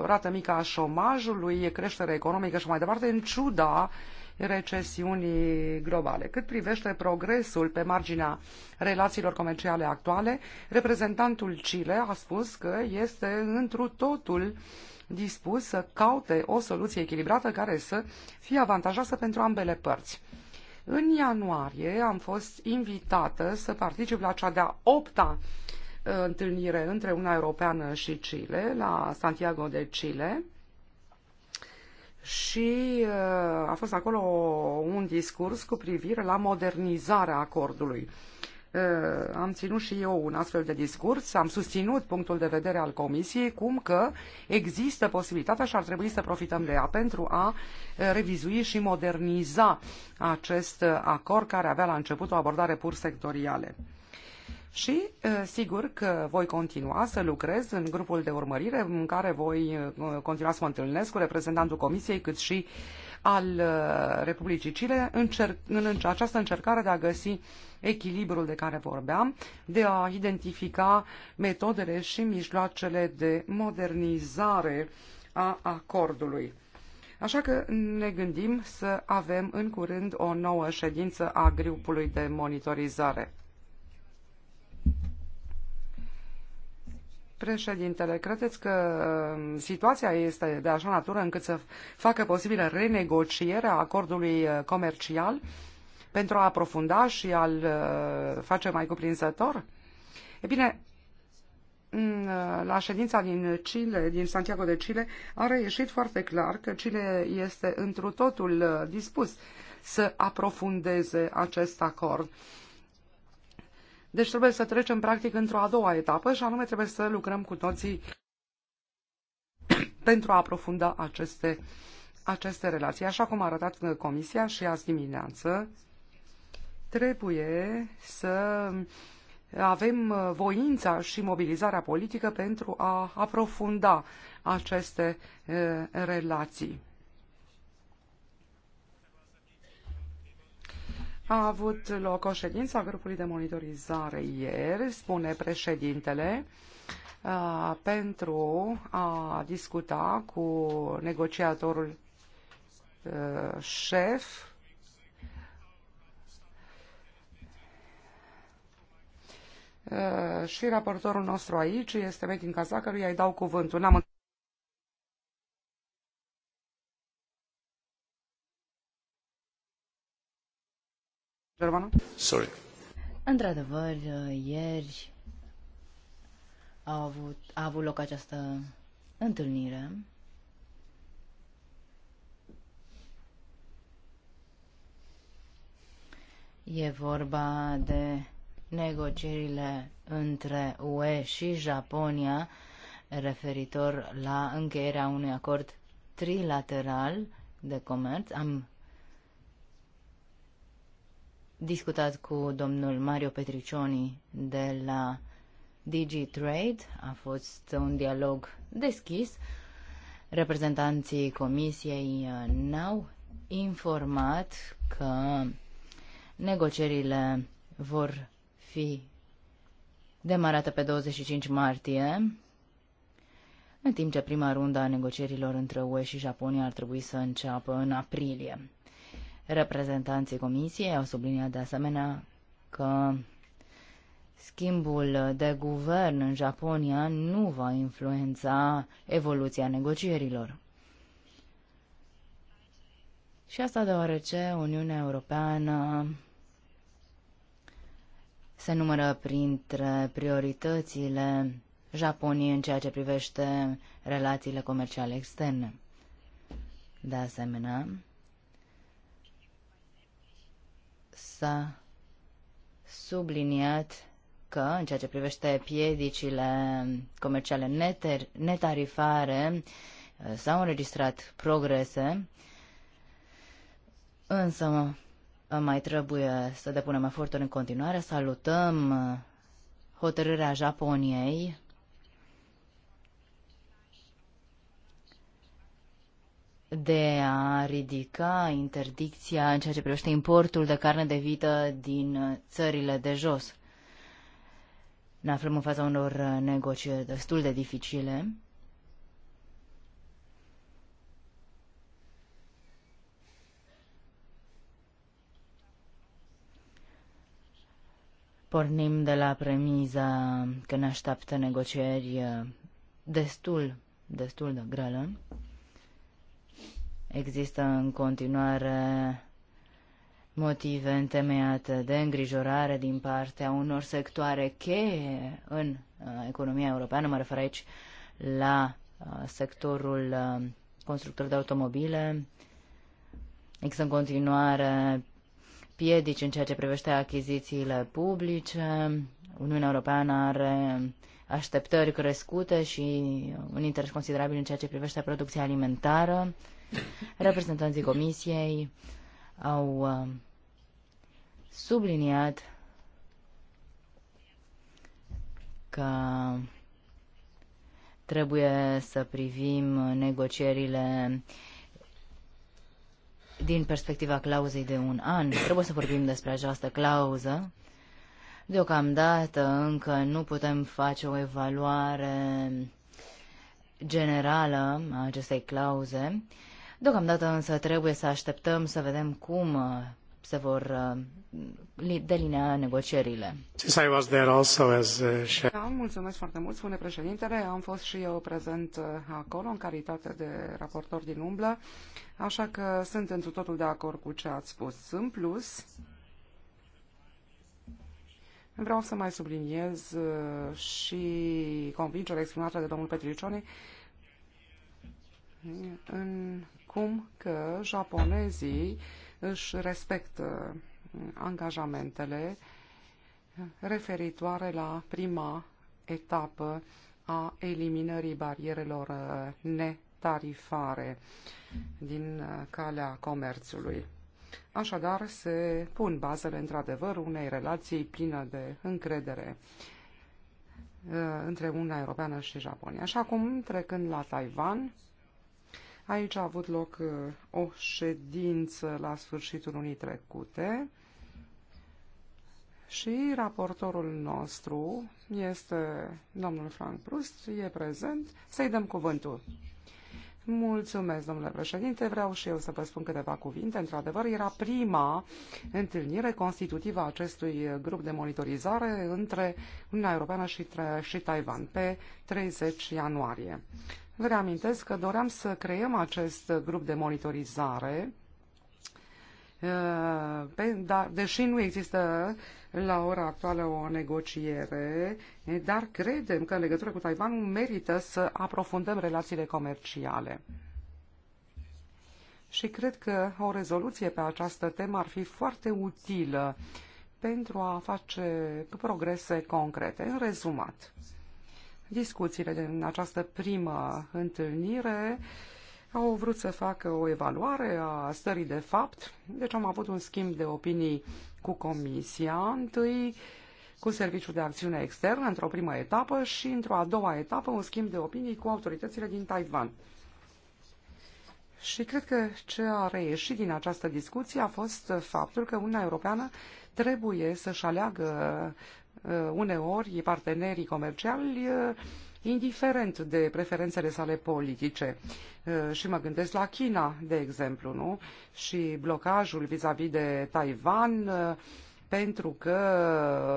rată mică a șomajului, creștere economică și mai departe, în ciuda uh, recesiunii globale. Cât privește progresul pe marginea relațiilor comerciale actuale, reprezentantul Chile a spus că este întru totul dispus să caute o soluție echilibrată care să fie avantajoasă pentru ambele părți. În ianuarie am fost invitată să particip la cea de-a opta uh, întâlnire între Uniunea Europeană și Chile, la Santiago de Chile, și uh, a fost acolo un discurs cu privire la modernizarea acordului. Uh, am ținut și eu un astfel de discurs, am susținut punctul de vedere al Comisiei, cum că există posibilitatea și ar trebui să profităm de ea pentru a uh, revizui și moderniza acest acord care avea la început o abordare pur sectoriale. Și sigur că voi continua să lucrez în grupul de urmărire în care voi continua să mă întâlnesc cu reprezentantul Comisiei cât și al Republicii Chile în această încercare de a găsi echilibrul de care vorbeam, de a identifica metodele și mijloacele de modernizare a acordului. Așa că ne gândim să avem în curând o nouă ședință a grupului de monitorizare. Președintele, credeți că uh, situația este de așa natură încât să facă posibilă renegocierea acordului uh, comercial pentru a aprofunda și a-l uh, face mai cuprinzător? E bine, la ședința din Chile, din Santiago de Chile, a reieșit foarte clar că Chile este întru totul dispus să aprofundeze acest acord deci trebuie să trecem practic într-o a doua etapă și anume trebuie să lucrăm cu toții pentru a aprofunda aceste, aceste relații. Așa cum a arătat Comisia și azi dimineață, trebuie să avem voința și mobilizarea politică pentru a aprofunda aceste eh, relații. A avut loc o ședință a grupului de monitorizare ieri, spune președintele, pentru a discuta cu negociatorul șef și raportorul nostru aici este Metin Caza, căruia îi dau cuvântul. Într-adevăr, ieri a avut, a avut loc această întâlnire E vorba de negocierile între UE și Japonia referitor la încheierea unui acord trilateral de comerț. Am discutat cu domnul Mario Petricioni de la DigiTrade. A fost un dialog deschis. Reprezentanții comisiei uh, n-au informat că negocierile vor fi demarate pe 25 martie, în timp ce prima rundă a negocierilor între UE și Japonia ar trebui să înceapă în aprilie. Reprezentanții Comisiei au subliniat de asemenea că schimbul de guvern în Japonia nu va influența evoluția negocierilor. Și asta deoarece Uniunea Europeană se numără printre prioritățile Japoniei în ceea ce privește relațiile comerciale externe. De asemenea, s-a subliniat că, în ceea ce privește piedicile comerciale neter- netarifare, s-au înregistrat progrese, însă mai trebuie să depunem eforturi în continuare. Salutăm hotărârea Japoniei de a ridica interdicția în ceea ce privește importul de carne de vită din uh, țările de jos. Ne aflăm în fața unor uh, negocieri destul de dificile. Pornim de la premiza că ne așteaptă negocieri uh, destul, destul de grele. Există în continuare motive întemeiate de îngrijorare din partea unor sectoare cheie în uh, economia europeană. Mă refer aici la uh, sectorul uh, constructor de automobile. Există în continuare piedici în ceea ce privește achizițiile publice. Uniunea Europeană are așteptări crescute și un interes considerabil în ceea ce privește producția alimentară. Reprezentanții comisiei au uh, subliniat că trebuie să privim negocierile din perspectiva clauzei de un an. Trebuie să vorbim despre această clauză. Deocamdată încă nu putem face o evaluare generală a acestei clauze. Deocamdată însă trebuie să așteptăm să vedem cum uh, se vor uh, delinea negocierile. I was there also as, da, mulțumesc foarte mult, spune președintele. Am fost și eu prezent uh, acolo în calitate de raportor din umblă, așa că sunt întru totul de acord cu ce ați spus. În plus, vreau să mai subliniez și convingerea exprimată de domnul Petricioni în acum că japonezii își respectă uh, angajamentele referitoare la prima etapă a eliminării barierelor uh, netarifare din uh, calea comerțului. Așadar, se pun bazele, într-adevăr, unei relații plină de încredere între Uniunea Europeană și Japonia. Și acum, trecând la Taiwan, Aici a avut loc uh, o ședință la sfârșitul lunii trecute și raportorul nostru este domnul Frank Prust, e prezent, să-i dăm cuvântul. Mulțumesc, domnule președinte. Vreau și eu să vă spun câteva cuvinte. Într-adevăr, era prima întâlnire constitutivă a acestui grup de monitorizare între Uniunea Europeană și, și Taiwan pe 30 ianuarie. Vă reamintesc că doream să creăm acest grup de monitorizare, uh, dar deși nu există la ora actuală o negociere, eh, dar credem că în legătură cu Taiwan merită să aprofundăm relațiile comerciale. Și cred că o rezoluție pe această temă ar fi foarte utilă pentru a face progrese concrete. În rezumat, discuțiile din această primă întâlnire au vrut să facă o evaluare a stării de fapt, deci am avut un schimb de opinii cu Comisia, întâi cu Serviciul de Acțiune Externă, într-o primă etapă și, într-o a doua etapă, un schimb de opinii cu autoritățile din Taiwan. Și cred că ce a reieșit din această discuție a fost faptul că Uniunea Europeană trebuie să-și aleagă uh, uneori partenerii comerciali uh, indiferent de preferențele sale politice. Uh, și mă gândesc la China, de exemplu, nu? Și blocajul vis-a-vis -vis de Taiwan, pentru că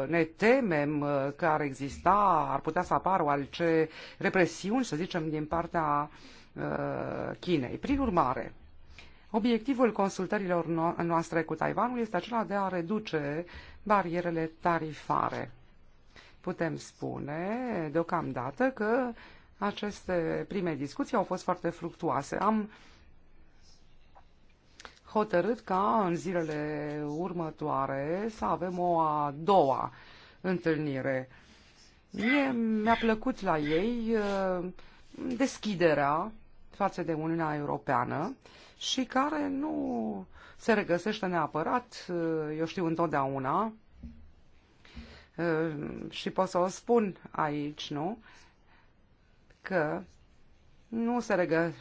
ne temem că ar exista, ar putea să apară alte represiuni, să zicem, din partea uh, Uh, Chinei. Prin urmare, obiectivul consultărilor noastre cu Taiwanul este acela de a reduce barierele tarifare. Putem spune deocamdată că aceste prime discuții au fost foarte fructuoase. Am hotărât ca în zilele următoare să avem o a doua întâlnire. Mie mi-a plăcut la ei uh, deschiderea față de Uniunea Europeană și care nu se regăsește neapărat, eu știu întotdeauna, eh, și pot să o spun aici, nu? Că nu se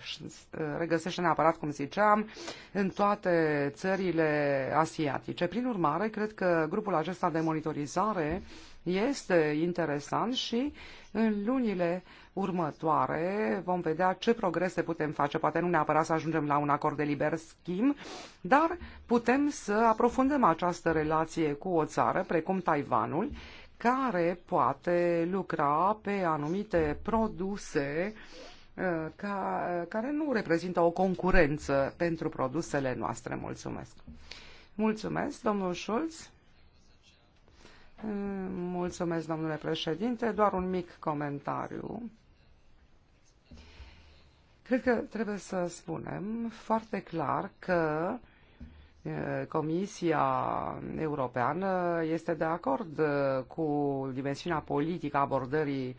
regăsește neapărat, cum ziceam, în toate țările asiatice. Prin urmare, cred că grupul acesta de monitorizare este interesant și în lunile următoare vom vedea ce progrese putem face. Poate nu neapărat să ajungem la un acord de liber schimb, dar putem să aprofundăm această relație cu o țară precum Taiwanul, care poate lucra pe anumite produse uh, ca, uh, care nu reprezintă o concurență pentru produsele noastre. Mulțumesc! Mulțumesc, domnul Schulz! Mulțumesc, domnule președinte. Doar un mic comentariu. Cred că trebuie să spunem foarte clar că Comisia Europeană este de acord cu dimensiunea politică a abordării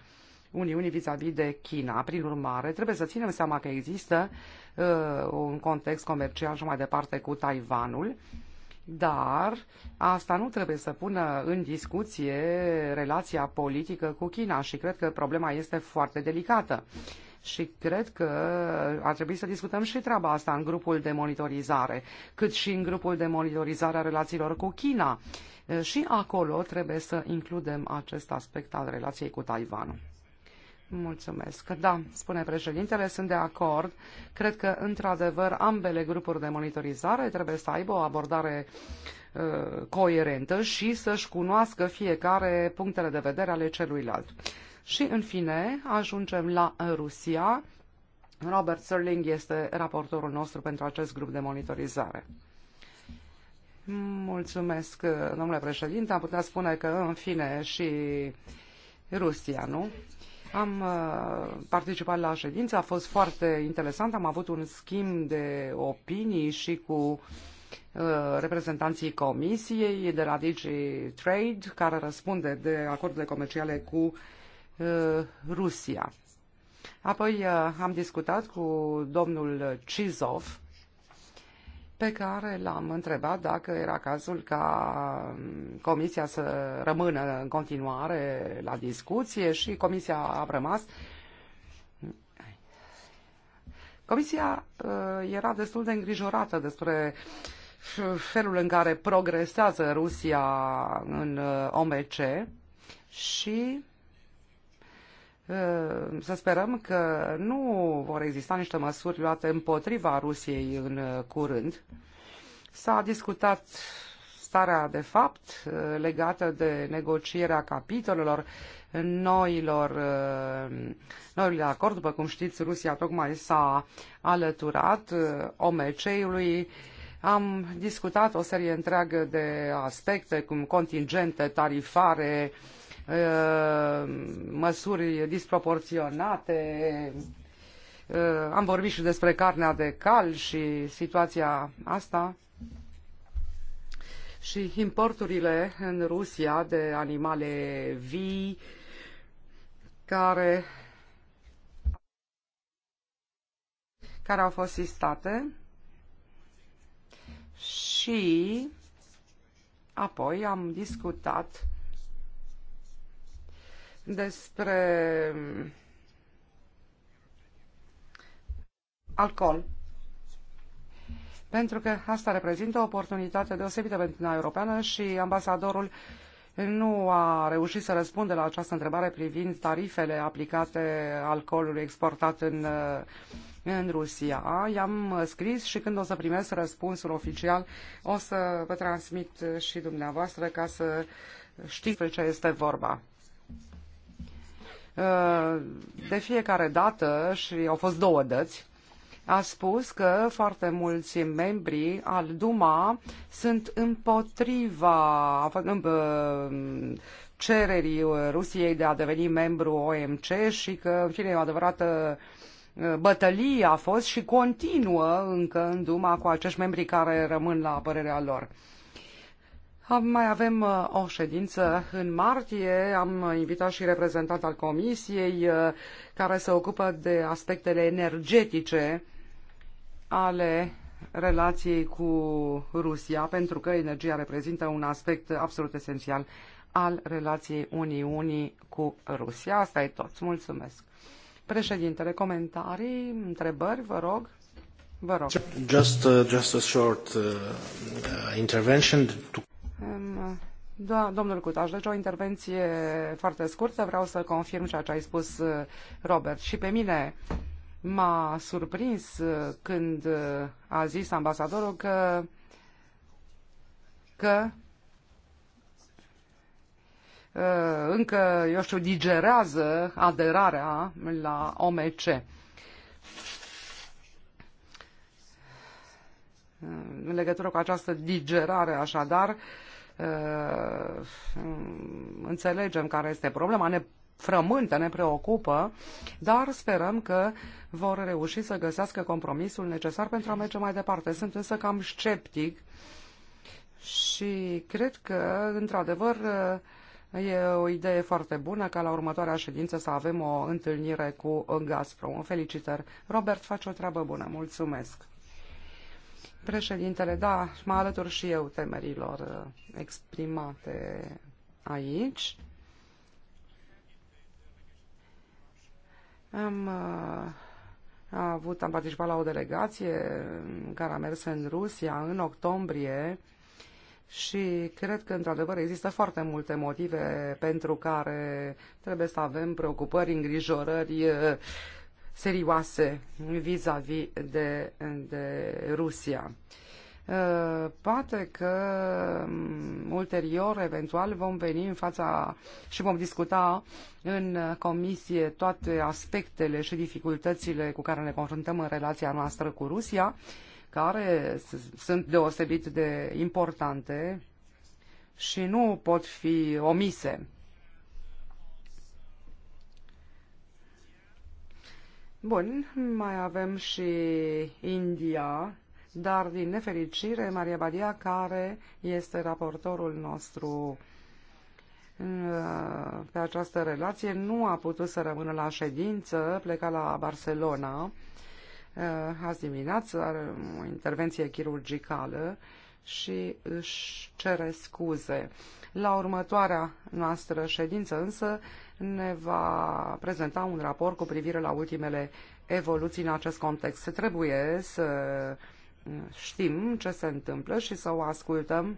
Uniunii vis-a-vis -vis de China. Prin urmare, trebuie să ținem seama că există uh, un context comercial și mai departe cu Taiwanul dar asta nu trebuie să pună în discuție relația politică cu China și cred că problema este foarte delicată. Și cred că ar trebui să discutăm și treaba asta în grupul de monitorizare, cât și în grupul de monitorizare a relațiilor cu China. Și acolo trebuie să includem acest aspect al relației cu Taiwanul. Mulțumesc. Da, spune președintele, sunt de acord. Cred că, într-adevăr, ambele grupuri de monitorizare trebuie să aibă o abordare uh, coerentă și să-și cunoască fiecare punctele de vedere ale celuilalt. Și, în fine, ajungem la Rusia. Robert Serling este raportorul nostru pentru acest grup de monitorizare. Mulțumesc, domnule președinte. Am putea spune că, în fine, și Rusia, nu? Am uh, participat la ședință, a fost foarte interesant, am avut un schimb de opinii și cu uh, reprezentanții comisiei de la DG Trade, care răspunde de acordurile comerciale cu uh, Rusia. Apoi am discutat cu domnul Cizov, pe care l-am întrebat dacă era cazul ca um, comisia să rămână în continuare la discuție și comisia a rămas. Comisia uh, era destul de îngrijorată despre felul în care progresează Rusia în uh, OMC și Ehm, să sperăm că nu vor exista niște măsuri luate împotriva Rusiei în uh, curând. S-a discutat starea de fapt uh, legată de negocierea capitolelor noilor, uh, noilor acord. După cum știți, Rusia tocmai s-a alăturat OMC-ului. Am discutat o serie întreagă de aspecte, cum contingente, tarifare, uh, Uh, măsuri disproporționate. Uh, am vorbit și despre carnea de cal și situația asta și importurile în Rusia de animale vii care care au fost sistate și apoi am discutat despre mm, alcool. Pentru că asta reprezintă o oportunitate deosebită pentru Uniunea Europeană și ambasadorul nu a reușit să răspundă la această întrebare privind tarifele aplicate alcoolului exportat în, uh, în Rusia. I-am scris și când o să primesc răspunsul oficial o să vă transmit și dumneavoastră ca să știți despre ce este vorba. Uh, de fiecare dată, și au fost două dăți, a spus că foarte mulți membri al Duma sunt împotriva uh, cererii Rusiei de a deveni membru OMC și că, în fine, o adevărată uh, bătălie a fost și continuă încă în Duma cu acești membri care rămân la părerea lor. Mai avem uh, o ședință în martie, am invitat și reprezentant al comisiei uh, care se ocupă de aspectele energetice ale relației cu Rusia, pentru că energia reprezintă un aspect absolut esențial al relației Uniunii cu Rusia. Asta e tot. Mulțumesc. Președintele, comentarii, întrebări, vă rog. Vă rog. Just, uh, just a short uh, uh intervention. To... Da, domnul Cutaș, deci o intervenție foarte scurtă. Vreau să confirm ceea ce ai spus, uh, Robert. Și pe mine m-a surprins uh, când uh, a zis ambasadorul că, că încă, eu știu, digerează aderarea la OMC. În legătură cu această digerare, așadar, uh, Uh, înțelegem care este problema, ne frământă, ne preocupă, dar sperăm că vor reuși să găsească compromisul necesar pentru a merge mai departe. Sunt însă cam sceptic și cred că, într-adevăr, e o idee foarte bună ca la următoarea ședință să avem o întâlnire cu Gazprom. Felicitări! Robert, face o treabă bună. Mulțumesc! Președintele, da, mă alătur și eu temerilor uh, exprimate aici. Am uh, a avut, am participat la o delegație care a mers în Rusia în octombrie și cred că, într-adevăr, există foarte multe motive pentru care trebuie să avem preocupări, îngrijorări uh, serioase vis-a-vis -vis de, de Rusia. Ă, poate că mm, ulterior, eventual, vom veni în fața și vom discuta în comisie toate aspectele și dificultățile cu care ne confruntăm în relația noastră cu Rusia, care sunt deosebit de importante și nu pot fi omise. Bun, mai avem și India, dar din nefericire Maria Badia, care este raportorul nostru pe această relație, nu a putut să rămână la ședință, pleca la Barcelona uh, azi dimineață, are o intervenție chirurgicală și își cere scuze. La următoarea noastră ședință însă ne va prezenta un raport cu privire la ultimele evoluții în acest context. Trebuie să mm, știm ce se întâmplă și să o ascultăm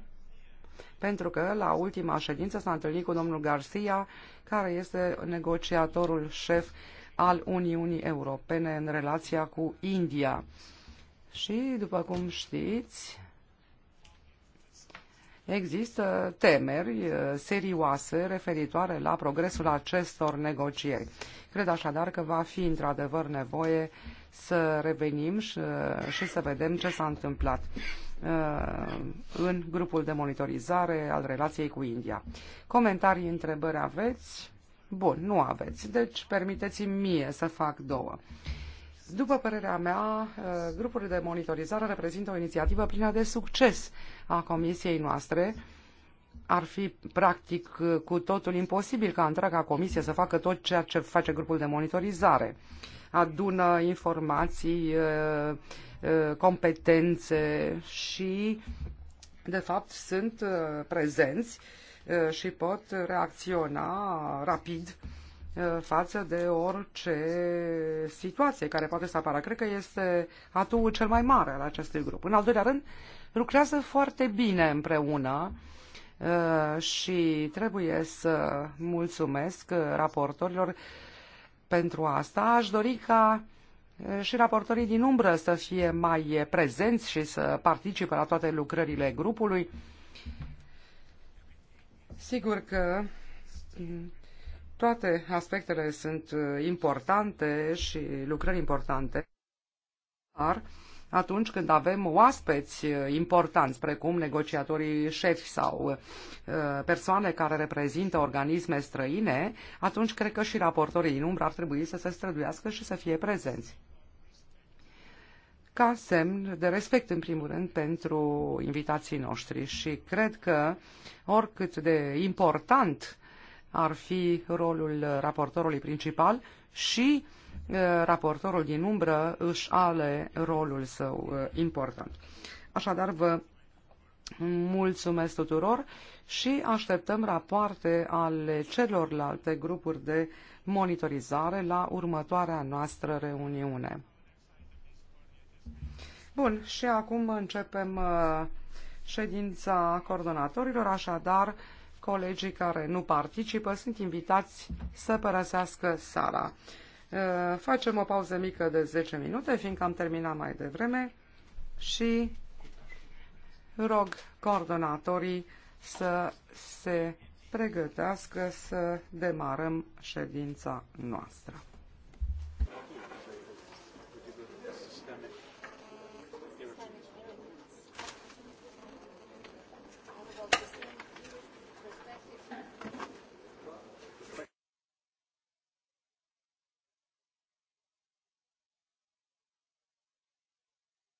pentru că la ultima ședință s-a întâlnit cu domnul Garcia, care este negociatorul șef al Uniunii Europene în relația cu India. Și, după cum știți, există temeri eh, serioase referitoare la progresul acestor negocieri. Cred așadar că va fi într-adevăr nevoie să revenim și, eh, și să vedem ce s-a întâmplat eh, în grupul de monitorizare al relației cu India. Comentarii, întrebări aveți? Bun, nu aveți, deci permiteți-mi mie să fac două. Uh, după părerea mea, uh, grupul de monitorizare reprezintă o inițiativă plină de succes a comisiei noastre. Ar fi practic uh, cu totul imposibil ca întreaga comisie să facă tot ceea ce face grupul de monitorizare. Adună informații, uh, competențe și, de fapt, sunt prezenți și pot reacționa rapid Eh, față de orice situație care poate să apară. Cred că este atul cel mai mare al acestui grup. În al doilea rând, lucrează foarte bine împreună eh, și trebuie să mulțumesc eh, raportorilor pentru asta. Aș dori ca și raportorii din umbră să fie mai prezenți și să participe la toate lucrările grupului. Sigur că mm, toate aspectele sunt uh, importante și lucrări importante, dar atunci când avem oaspeți uh, importanți, precum negociatorii șefi sau uh, persoane care reprezintă organisme străine, atunci cred că și raportorii din umbră ar trebui să se străduiască și să fie prezenți ca semn de respect, în primul rând, pentru invitații noștri și cred că, oricât de important ar fi rolul raportorului principal și raportorul din umbră își ale rolul său important. Așadar, vă mulțumesc tuturor și așteptăm rapoarte ale celorlalte grupuri de monitorizare la următoarea noastră reuniune. Bun, și acum începem ședința coordonatorilor, așadar Colegii care nu participă sunt invitați să părăsească sala. Uh, facem o pauză mică de 10 minute, fiindcă am terminat mai devreme și rog coordonatorii să se pregătească să demarăm ședința noastră.